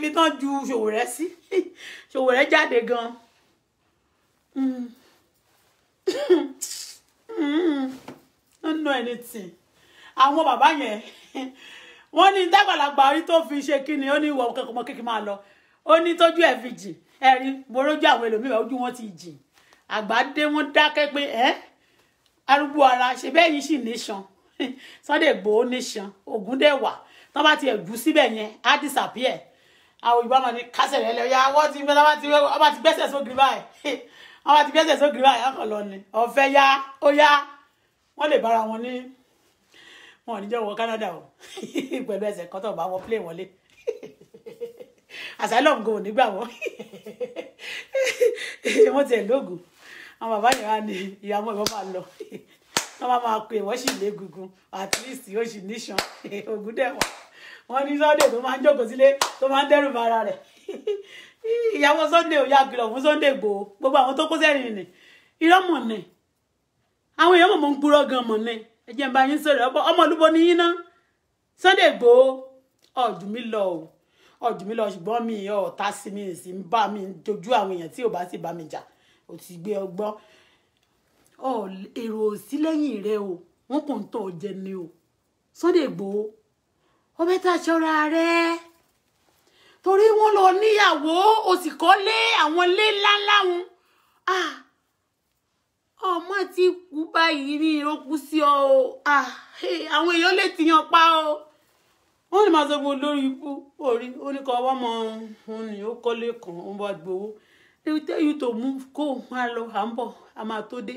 ibi tó ń ju Ṣòwòrẹ́ sí Ṣòwòrẹ́ jáde gan-an. Hmm. Hmm don't know anything àwọn bàbá yẹn wọ́n ní dàgbàlagbà orí tó fi ṣe kí ni ó ní ìwọ ọmọ kékeré máa lọ ó ní tójú ẹ̀ fi jìn ẹ̀rí mo rójú àwọn ẹlòmíràn ojú wọn ti jìn àgbàdé wọn dákẹ́ pé ẹ́ arúgbó ara ṣe bẹ́ẹ̀ yìí sì níṣan Sunday Igboho níṣan ògùn dẹ̀ wà tán bá ti ẹ̀gún síbẹ̀ yẹn á disappear àwọn òyìnbó àwọn ní kásẹ̀ rẹ̀ lẹ́yìn àwọn ti gbẹ́ wọ́n bá ti gbẹ́sẹ̀ sógiri báyìí wọ́n bá ti gbẹ́sẹ̀ sógiri báyìí ọkàn lọ ni ọ̀fẹ́ yá ó yá wọ́n lè bára wọn ní wọn ò ní jẹ́ wọ Canada o pẹ̀lú ẹsẹ̀ kan tó bá wọ plane wọlé asylum go nígbà wọn wọ́n tiẹ̀ lóògùn àwọn bàbá yẹn wá ní ìyàmọ́ ìwọ́n máa lọ wọ́n máa máa pè wọ́n sì lé gungun at least ó sì níṣan ògùn dẹ̀wọ̀n wọ́n ní Sunday tó máa ń jókòó sílé tó máa ń dẹ́rù bara rẹ̀ ìyàwó Sunday ò yá kìlọ̀ fún Sunday gbòó gbogbo àwọn tó kó sẹ́yìn nì irọ́ mọ̀ nì àwọn èèyàn mọ̀ mọ̀ ń gbúrọ̀ gan mọ̀ ní ẹ̀jẹ̀ ń bá yín sọ̀rọ̀ ọ̀pọ̀ ọmọ olúbo ni yín náà Sunday Igboho ọ̀dùn mi lọ o ọ̀dùn mi lọ ṣùgbọ́n mi ọ̀tá sí mi sì ń bá mi dojú àwọn èèyàn tí ò bá sì bá mi jà ò ti gbé ọgbọ́n èrò ò sí lẹ́yìn rẹ o wọ́n kàn ń tọ̀ jẹ ni o Sunday Igboho ọbẹ̀ tá a ṣọ́ra rẹ̀ torí wọ́n lọ níyàwó o sì kọ́ lé àwọn ilé ńláńlá wọn ah! ọmọ ti kú báyìí ní ó kú sí ọ o àwọn èèyàn lè ti yan pa o wọ́n lè máa sọ pé olórí ikú orí oníkan ọwọ́ mọ òun ni ó kọ́lé kan ó bá gbowó they will tell you to move go máa lọ à ń bọ̀ a máa tó dé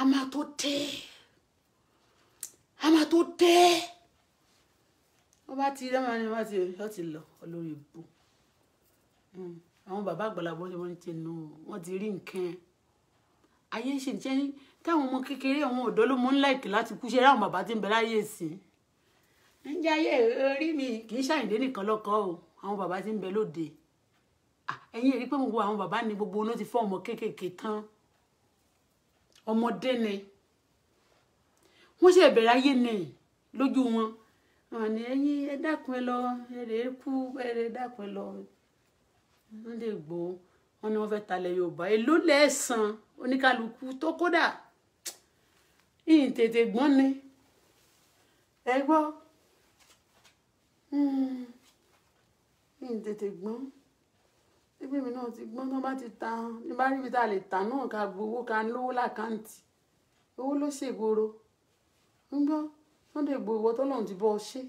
a máa tó dé a máa tó dé wọ́n bá ti dáná ni wọ́n ti yọ ti lọ olórí ikú hmm, àwọn bàbá àgbàlagbà wọ́n ti rí nǹkan ayé ṣe ń jẹ́ táwọn ọmọ kékeré àwọn ọ̀dọ́ ló mọ ń láìkì láti kú ṣe ráwọn bàbá tí ń bẹ láyé sí i ń jẹ́ ayé orí mi kì í ṣàyìndé nìkan lọ́kọ́ o àwọn bàbá tí ń bẹ lóde ẹ̀yin rí pé gbogbo àwọn bàbá ni gbogbo oná ti fọ́ ọmọ kéékèèké tán ọmọdé ni wọ́n ṣe bẹ̀rẹ̀ ayé ni lójú wọn wọn ni ẹ̀yin ẹ lọ ẹ é kú ẹ rè é dákun ẹ lọ wọ́n lè gbòó wọn ni wọn fẹ́ talẹ̀ yorùbá èló lẹ́ẹ̀sán oníkálukú tó kódà ìyìn tètè gbọ́n ni ẹ gbọ́ hmm. ìyìn tètè gbọ́n ẹgbẹ́ mi náà ti gbọ́n tó bá ti ta ní bá ríbi tá a lè tà náà ká gbowó ká lówó lákàǹtì owó ló ṣègboro ń gbọ́ wọ́n lè gbowó tọ́lọ́run ti bọ́ ọ ṣe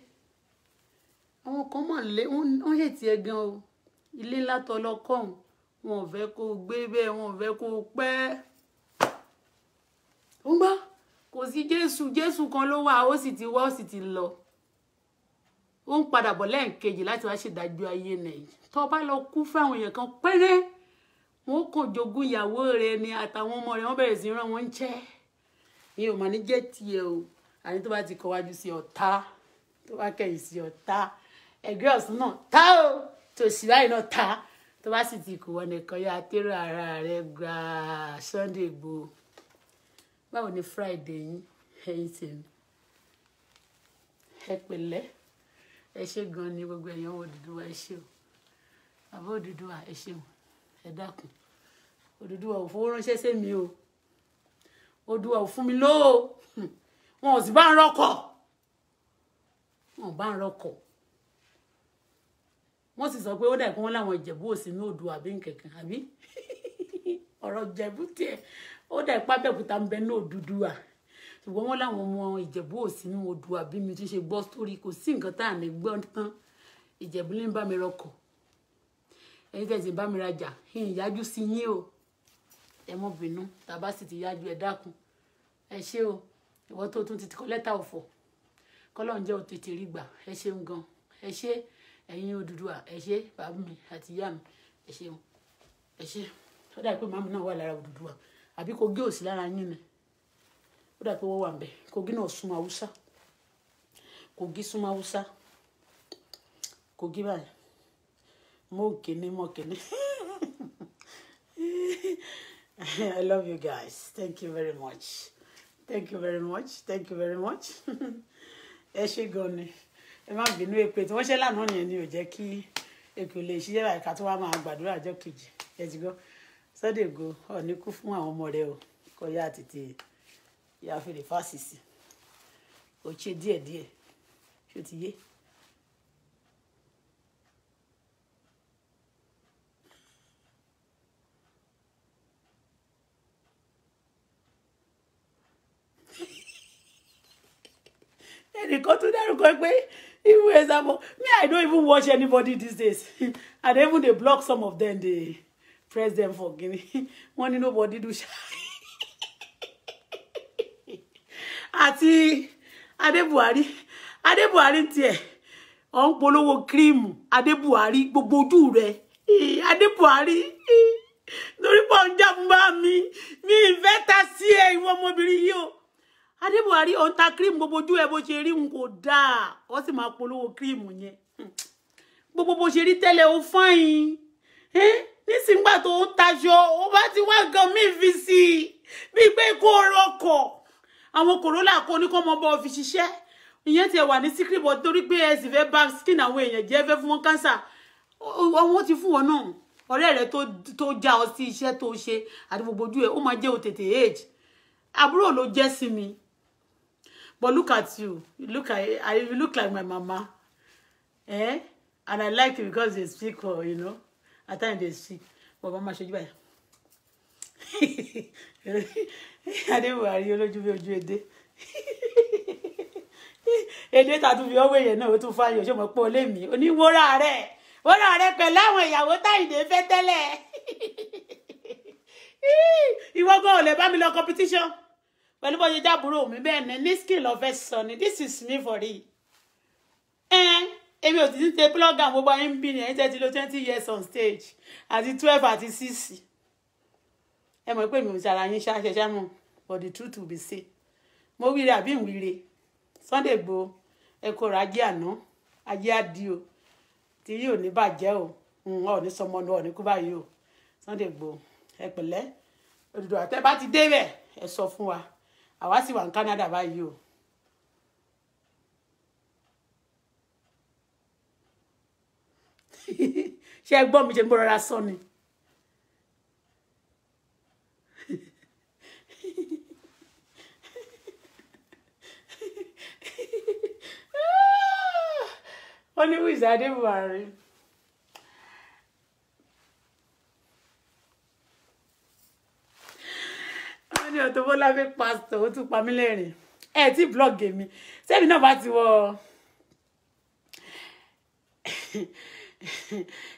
àwọn kan mọ̀ lé wọ́n hètì ẹ̀ gan o ilé ńlá tọ́ lọ kọ́hún wọn ò fẹ́ kó gbé bẹ́ẹ̀ wọn ò fẹ́ kó pẹ́ ń gbọ́ kò sí jésù jésù kan ló wà ó sì ti wá ó sì ti lọ ó ń padà bọ̀ lẹ́ẹ̀kejì láti wá ṣèdájọ́ ayé nàìjíríà tó bá lọ kú fáwọn èèyàn kan péré wọn kàn jogún ìyàwó rẹ ni àtàwọn ọmọ rẹ wọn bẹ̀rẹ̀ sí rán wọn ń jẹ́ mi ò mà ní jẹ́ tiẹ̀ o àní tó bá ti kọwájú sí ọ̀tá tó bá kẹ̀yìn sí ọ̀tá ẹ̀gbẹ́ ọ̀sán náà ta o tòṣì náà ta tó bá sì ti kù wọn nìkan yá tẹ́rọ ara rẹ gba Sunday Igboho báwo ni Friday yín ẹ̀yin tèmi ẹ pẹ̀lẹ́ ẹ ṣé gan ni gbogbo ẹ̀yin ọmọ wa ẹ ṣé o bàbá Odùduwà ẹ ṣé o ẹ dákun wa ò fowó ránṣẹ́ sí mi o Odùduwà ò fún mi lóò hm. wọn ò sì bá ń rọkọ̀ wọn ò bá ń rọkọ̀ wọ́n sì sọ pé ó dàgbọ́n láwọn ìjẹ̀bú ò sí ní odò àbí nkankan àbí ọ̀rọ̀ ìjẹ̀bú tiẹ̀ ó dà ipá bẹ́ẹ̀kúta ń bẹ ní Odùduwà ṣùgbọ́n wọ́n láwọn ọmọ ìjẹ̀bú ò sí ní odò àbí mi ti ṣe gbọ́ sórí kò sí nǹkan tá à ní gbọ́ tán ìjẹ̀bú ló ń bá mi rọkọ̀ ẹ̀yin tẹ̀sí bá mi rajà ìyìn yájú sí yín o ẹ mọ́ bínú tàbá sì ti yájú ẹ dákun ẹ ṣé o ìwọ tó tún ti kọ́ lẹ́tà ọ̀fọ̀ kọ́lọ́ọ̀ ń jẹ́ òtètè rí gbà ẹ ṣeun gan ẹ ṣé ẹ̀yin Odùduwà ẹ ṣé bàbá mi àti ìyá mi ẹ ṣeun ẹ ṣé ó dà pé màmú náà wà lára Odùduwà àbí Kogi ò sí lára yín ni ó dà pé wọ́n wà ń bẹ̀ Kogi náà súnmọ́ Haúsá Kogi súnmọ́ Haúsá Kogi báyìí mo kìíní mo kìíní I love you guys thank you very much thank you very much thank you very much ẹ ṣé gan ni ẹ má bínú èpè tí wọ́n ṣe lánàá yẹn ni ò jẹ́ kí èpè lè ṣiṣẹ́ àìka tó wá máa gbàdúrà ọjọ́ kejì ẹ ti gbọ́ Sunday go ọ̀ní kú fún àwọn ọmọ rẹ o kọ́ yá tètè yá fèrè fásisì ò ṣe díẹ̀díẹ̀ ṣó ti yé. ẹnìkan tún dárúkọ pé even example me i don't even watch anybody these days and even they block some of them they press them for guinea wọn nobody do ṣá Ati, adebuari, adebuari ń tiẹ̀ ọ̀ ń polówó kírímù adébuhari gbogbo ojú rẹ̀ adébuhari lórí pọ̀ ń jà fún bá mi mi ìfẹ́ ta sí adébùhárí ò ń ta cream gbogbo ojú ẹ bó ṣe rí n kò dáa ó sì máa polówó cream yẹn gbogbo bó ṣe rí tẹ́lẹ̀ ó fáyín nísìngbà tó ń taṣọ ó bá ti wá nǹkan míì fi sí i bíi pé kó rọkọ̀ àwọn kòrólà kó ní kó mọ bọ́ fi ṣiṣẹ́ ìyẹn tiẹ̀ wà ní secret torí pé ẹ sì fẹ́ bá skin àwọn èèyàn jẹ́ fẹ́ fún wọn cancer wọn ti fún wọn náà ọ̀rẹ́ rẹ tó já ọ sí iṣẹ́ tó ṣe àti gbogbo ojú ẹ ó máa jẹ́ òtètè age àbúrò ló jẹ́ sí mi But look at you. You look at I you look like my mama. Eh? And I like it because they speak for, you know. At times they speak. But mama should you know you will do Adéwò àríyó lójú bí ojú èdè. Èdè tàtún fi ọwọ́ èèyàn náà ó tún fáyọ̀ ṣé mo pé olé mi. Oníwórà are wórà rẹ̀ pẹ̀lú àwọn ìyàwó táyìndé fẹ́ tẹ́lẹ̀. You ò go on the lọ competition pẹ̀lú bó ṣe jábúrò mi bẹ́ẹ̀ ni niskin lọ fẹ́ sọ ni this is me for real ẹn èmi ò ti ti ṣe blogger gbogbo ayé ń bí ni ẹ̀yin tẹ́tí lo twenty years on stage àti twelve àti six ẹ mọ̀ pé mi ò ṣàlàyé yín ṣáṣẹ ṣámọ̀ but the truth will be said. mo wíire àbí ìwíire Sunday Igboho ẹ kò rà ajé àná ajé àdí o tí yóò ní bàjẹ́ o ọ̀ ní sọmọ ní ọ̀ ní kú báyìí o Sunday Igboho ẹ pẹ̀lẹ́ Odùduwà tẹ́ bá ti débẹ̀ ẹ sọ fún wa àwa sì wà ní Canada báyìí o. ṣé ẹ gbọ́ mi ṣe ń bọ́ rárá sọ ni. wọ́n ah! ní wíìsì adébùwárí. ní Auto Bola fake pastor ó tún pa mí lẹ́rìn ẹ tí blọọgì mi sẹ́mi náà bá ti wọ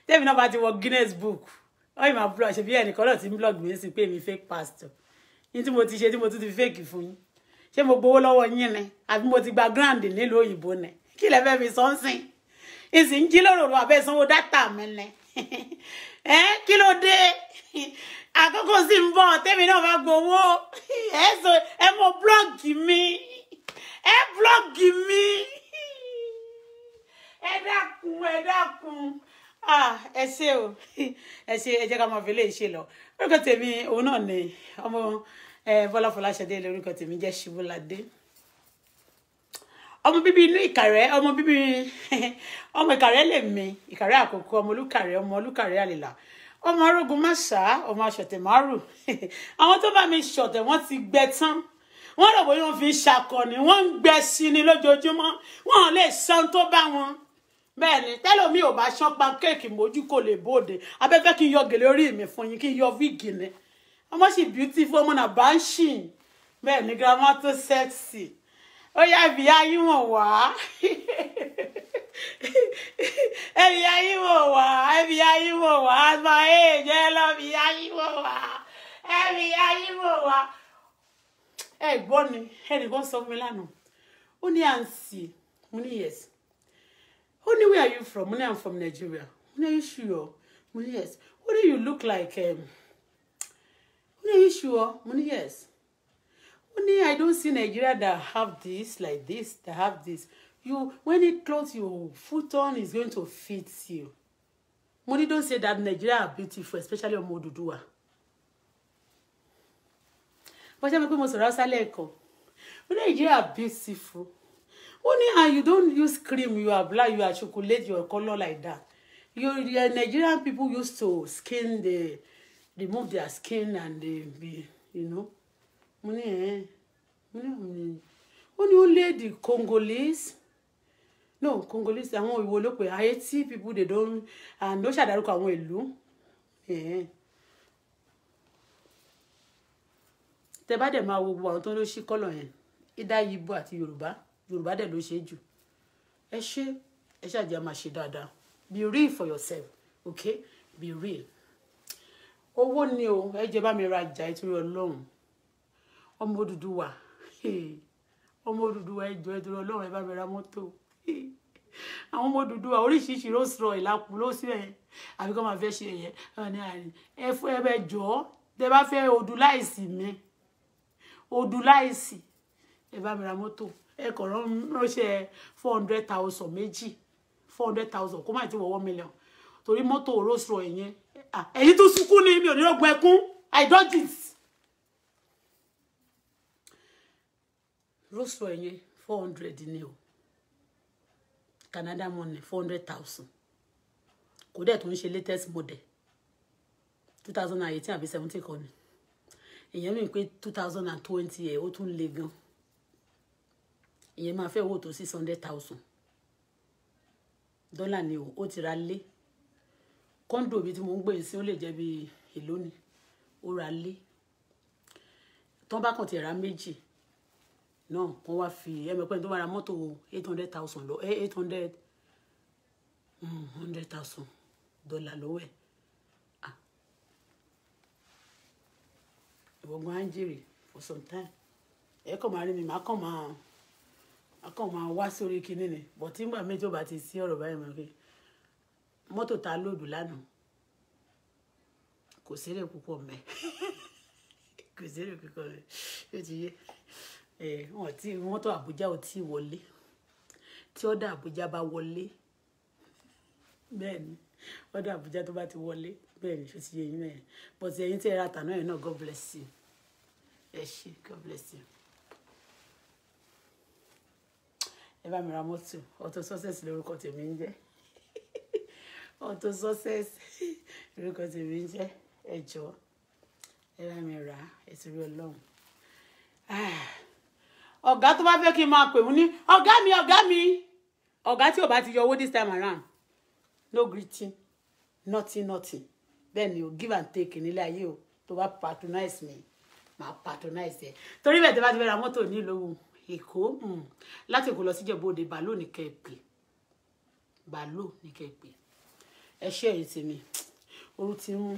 sẹ́mi náà bá ti wọ Guinness book ọ́ ìmọ̀ blọọgì ṣe bí ẹnìkan náà ti ń blọọgì mi sí pé mi fake pastor ní tí mo ti ṣe tí mo tún ti fake fún yín ṣé mo gbowó lọ́wọ́ yín ni àbí mo ti gba grand nílùú òyìnbó ni kí lẹ fẹ́ fi sọ́nsìn ìsìn jí lóròrò abẹ́ sanwó dátà mi ni ẹ kí ló dé àkókò sì ń bọ̀ tẹ́mi náà bá gbowó ẹ sọ ẹ mọ búlọ́ọ̀gì mi ẹ búlọ́ọ̀gì mi ẹ dákun ẹ dákun ẹ ṣe o ẹ ṣe ẹ jẹ́ ká máa fi lè ṣe lọ orúkọ tèmi òun náà ni ọmọ Bọ́lá Fọláṣadé lórúkọ tèmi jẹ́ Ṣubúládé ọmọ bíbí inú Ìkàrẹ́ ọmọ bíbí ọmọ Ìkàrẹ́ lèmi Ìkàrẹ́ àkókò ọmọ Olúkàrẹ́ ọmọ Olúkàrẹ́ àlèlà ọmọ arógun má ṣá ọmọ aṣọ̀tẹ̀ má rù àwọn tó bá mi ṣọ̀tẹ̀ wọ́n ti gbẹ tán wọ́n rò bóyá wọ́n fi ṣàkọni wọ́n ń gbẹ sí ni lójoojúmọ́ wọ́n lè san tó bá wọn bẹ́ẹ̀ ni tẹ́lómi ò bá ṣán pankéèkì mójú kò lè bóde abẹ́fẹ́ kí n yọ gèlè orí mi fún yín kí n yọ wíìgì ni ọmọ sì beautiful ọmọ náà bá ń ṣìn bẹ́ẹ̀ ni grandma tó sexy ó yá fi ayé wọn wá ẹbí ayé wọn wá ẹbí ayé wọn wá àgbà èèjẹ lọ fi ayé wọn wá ẹbí ayé wọn wá. ẹ gbọ́ ni ẹnìkan sọ fún mi lánàá ó ní àǹsì mo ní yes ó ní where are you from mo ní i'm from Nigeria mo ní are you sure mo ní yes what do you look like um, mo ní are you sure mo ní yes ó ní i don't see Nigeria that have this like this that have this you when it close your foot on is going to fit you Money ní don't say that Nigeria are beautiful especially ọmọ Odùduwà bó ṣe mọ̀ pé mo sọ̀rọ̀ ọ̀sá lẹ́ẹ̀kan ó ní Nigeria are beautiful ó ní and you don't use cream you are black you are chocolate your colour like that Your the Nigerian people used to skin the remove their skin and they be you know mo ní ẹ̀ mo ní àwọn ó ní ó Congolese no Congolese àwọn ìwo ló pè Haiti people they don and ó ṣàdárúkọ àwọn ìlú tẹ bá dẹ̀ máa wo gbogbo àwọn tó ń lọ sí kọ́lọ̀ yẹn ìdá yibo àti Yorùbá Yorùbá dẹ̀ ló ṣe jù ẹ ṣe ẹ ṣàjẹ́ máa ṣe dáadáa be real for yourself okay be real owó ni o ẹ jẹ́ bá mi rajà ìtúrí Ọlọ́run ọmọ Odùduwà ọmọ Odùduwà ẹjọ ẹdùrọ Ọlọ́run ẹ bá mi ra mọ́tò àwọn ọmọ Odùduwà oríṣiríṣi Rolls Royce lápò ló síbẹ̀ àbí kọ́ máa fẹ́ ṣe ẹ̀yẹ ní àárín ẹ fún ẹ bẹ jọ ọ́ tẹ bá fẹ́ odù láìsí mi odù láìsí ẹ bá mi ra mọ́tò ẹ kọ̀ ránṣẹ́ four hundred thousand méjì four hundred thousand kó má ti wọ̀ one million torí mọ́tò Rolls Royce yẹn ẹ̀yin tó sunkún ní mi ò ní rọ̀gbọ̀n ẹkún I don't it. rosro yẹn four hundred ni o Canada money four hundred thousand kò dẹ̀ latest model two thousand and eighteen àbí seventeen kọ́ ni ìyẹn mi pé two thousand and twenty ẹ̀ ó tún le gan ìyẹn máa fẹ́ owó tó six hundred thousand dọ́là ni o ó ti ra lé kọ́ńdò bíi tí mo ń gbé sí ó lè jẹ́ bíi èló ra lé tán bá kàn ti ra méjì náà wọ́n wá fi ẹ̀mẹ́pẹ́ tó bá ra mọ́tò eight hundred thousand lọ eh, eight hundred hmm, hundred thousand dọ́là lọ́wọ́ ẹ̀ ìwọ̀gbọ́n á ń jèrè for some time ẹ kàn máa rí mi màá kàn máa màá kàn máa wá sórí kinní ni bọ̀ tí ngbà méjì ó bá ti sí ọ̀rọ̀ báyìí mọ̀ pé mọ́tò ta lóòdù lánàá kò sí èrè púpọ̀ mẹ́ kò sí èrè púpọ̀ mẹ́ ó ti yé wọn ti mọ́tò Àbújá ò tí wọlé tí ọ̀dà Àbújá bá wọlé bẹ́ẹ̀ ni ọ̀dà Àbújá tó bá ti wọlé bẹ́ẹ̀ ni ṣòṣì yẹn náà but ẹ̀yin tí ẹ ra tànà yẹn náà God bless you ẹ ṣé God bless you. ẹ bá mi ra mọ́tò Auto Success lórúkọ tèmi ń jẹ́ Auto Success lórúkọ tèmi ń jẹ́ ẹ jọ̀ọ́ ẹ bá mi rà á ẹ torí Ọlọ́run. Ah ọ̀gá tó bá fẹ́ kí n máa pè wọ́n ní ọ̀gá mi ọ̀gá mi ọ̀gá tí ò bá ti yọ owó this time around no greeting nothing nothing bẹ́ẹ̀ ni o give and take nílé ayé o tó bá patronize me, máa patronize ẹ torí bẹ́ẹ̀ tó bá ti fẹ́ ra mọ́tò nílùú um, èkó um, láti èkó lọ sí Ìjẹ̀bú Òde bàálù ní kẹ́ẹ̀pì bàálù ní kẹ́ẹ̀pì ẹ ṣe èyí ti mi oru ti mú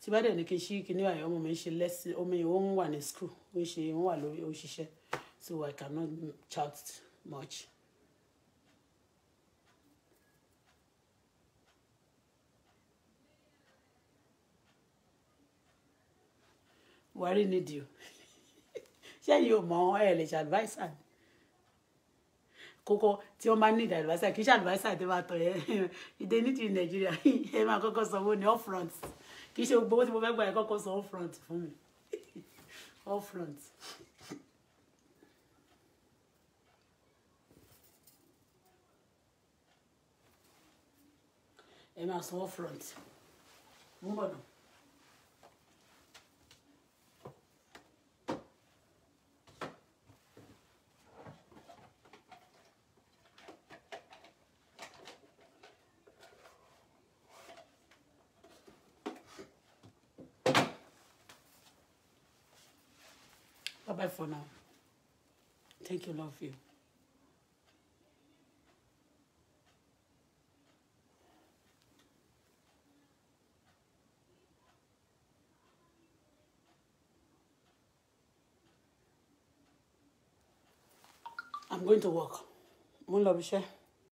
tí bá dẹ̀ ní kí n ṣí kíní àyọ̀ ọmọ mi ń ṣe lẹ́sìn omi ìwọ́n wà ní school ó ń ṣe wọ́n wà lórí òṣìṣẹ́ so I cannot chat much. Buhari need you. Ṣé you mọ ẹ lè ṣe adviser? Kókó tí wọ́n bá need adviser kì í ṣe adviser tí wọ́n bá tọ̀ If they need you in Nigeria, ẹ máa kọ́kọ́ sanwó ní upfront. Kì í ṣe gbogbo owó tí mo I gbà ẹ kọ́kọ́ san upfront fún mi. Upfront. ẹ máa sanwó front ń bọ̀ nù. Bye bye for now. Thank you, love you. I'm going to work. Mo ń lọ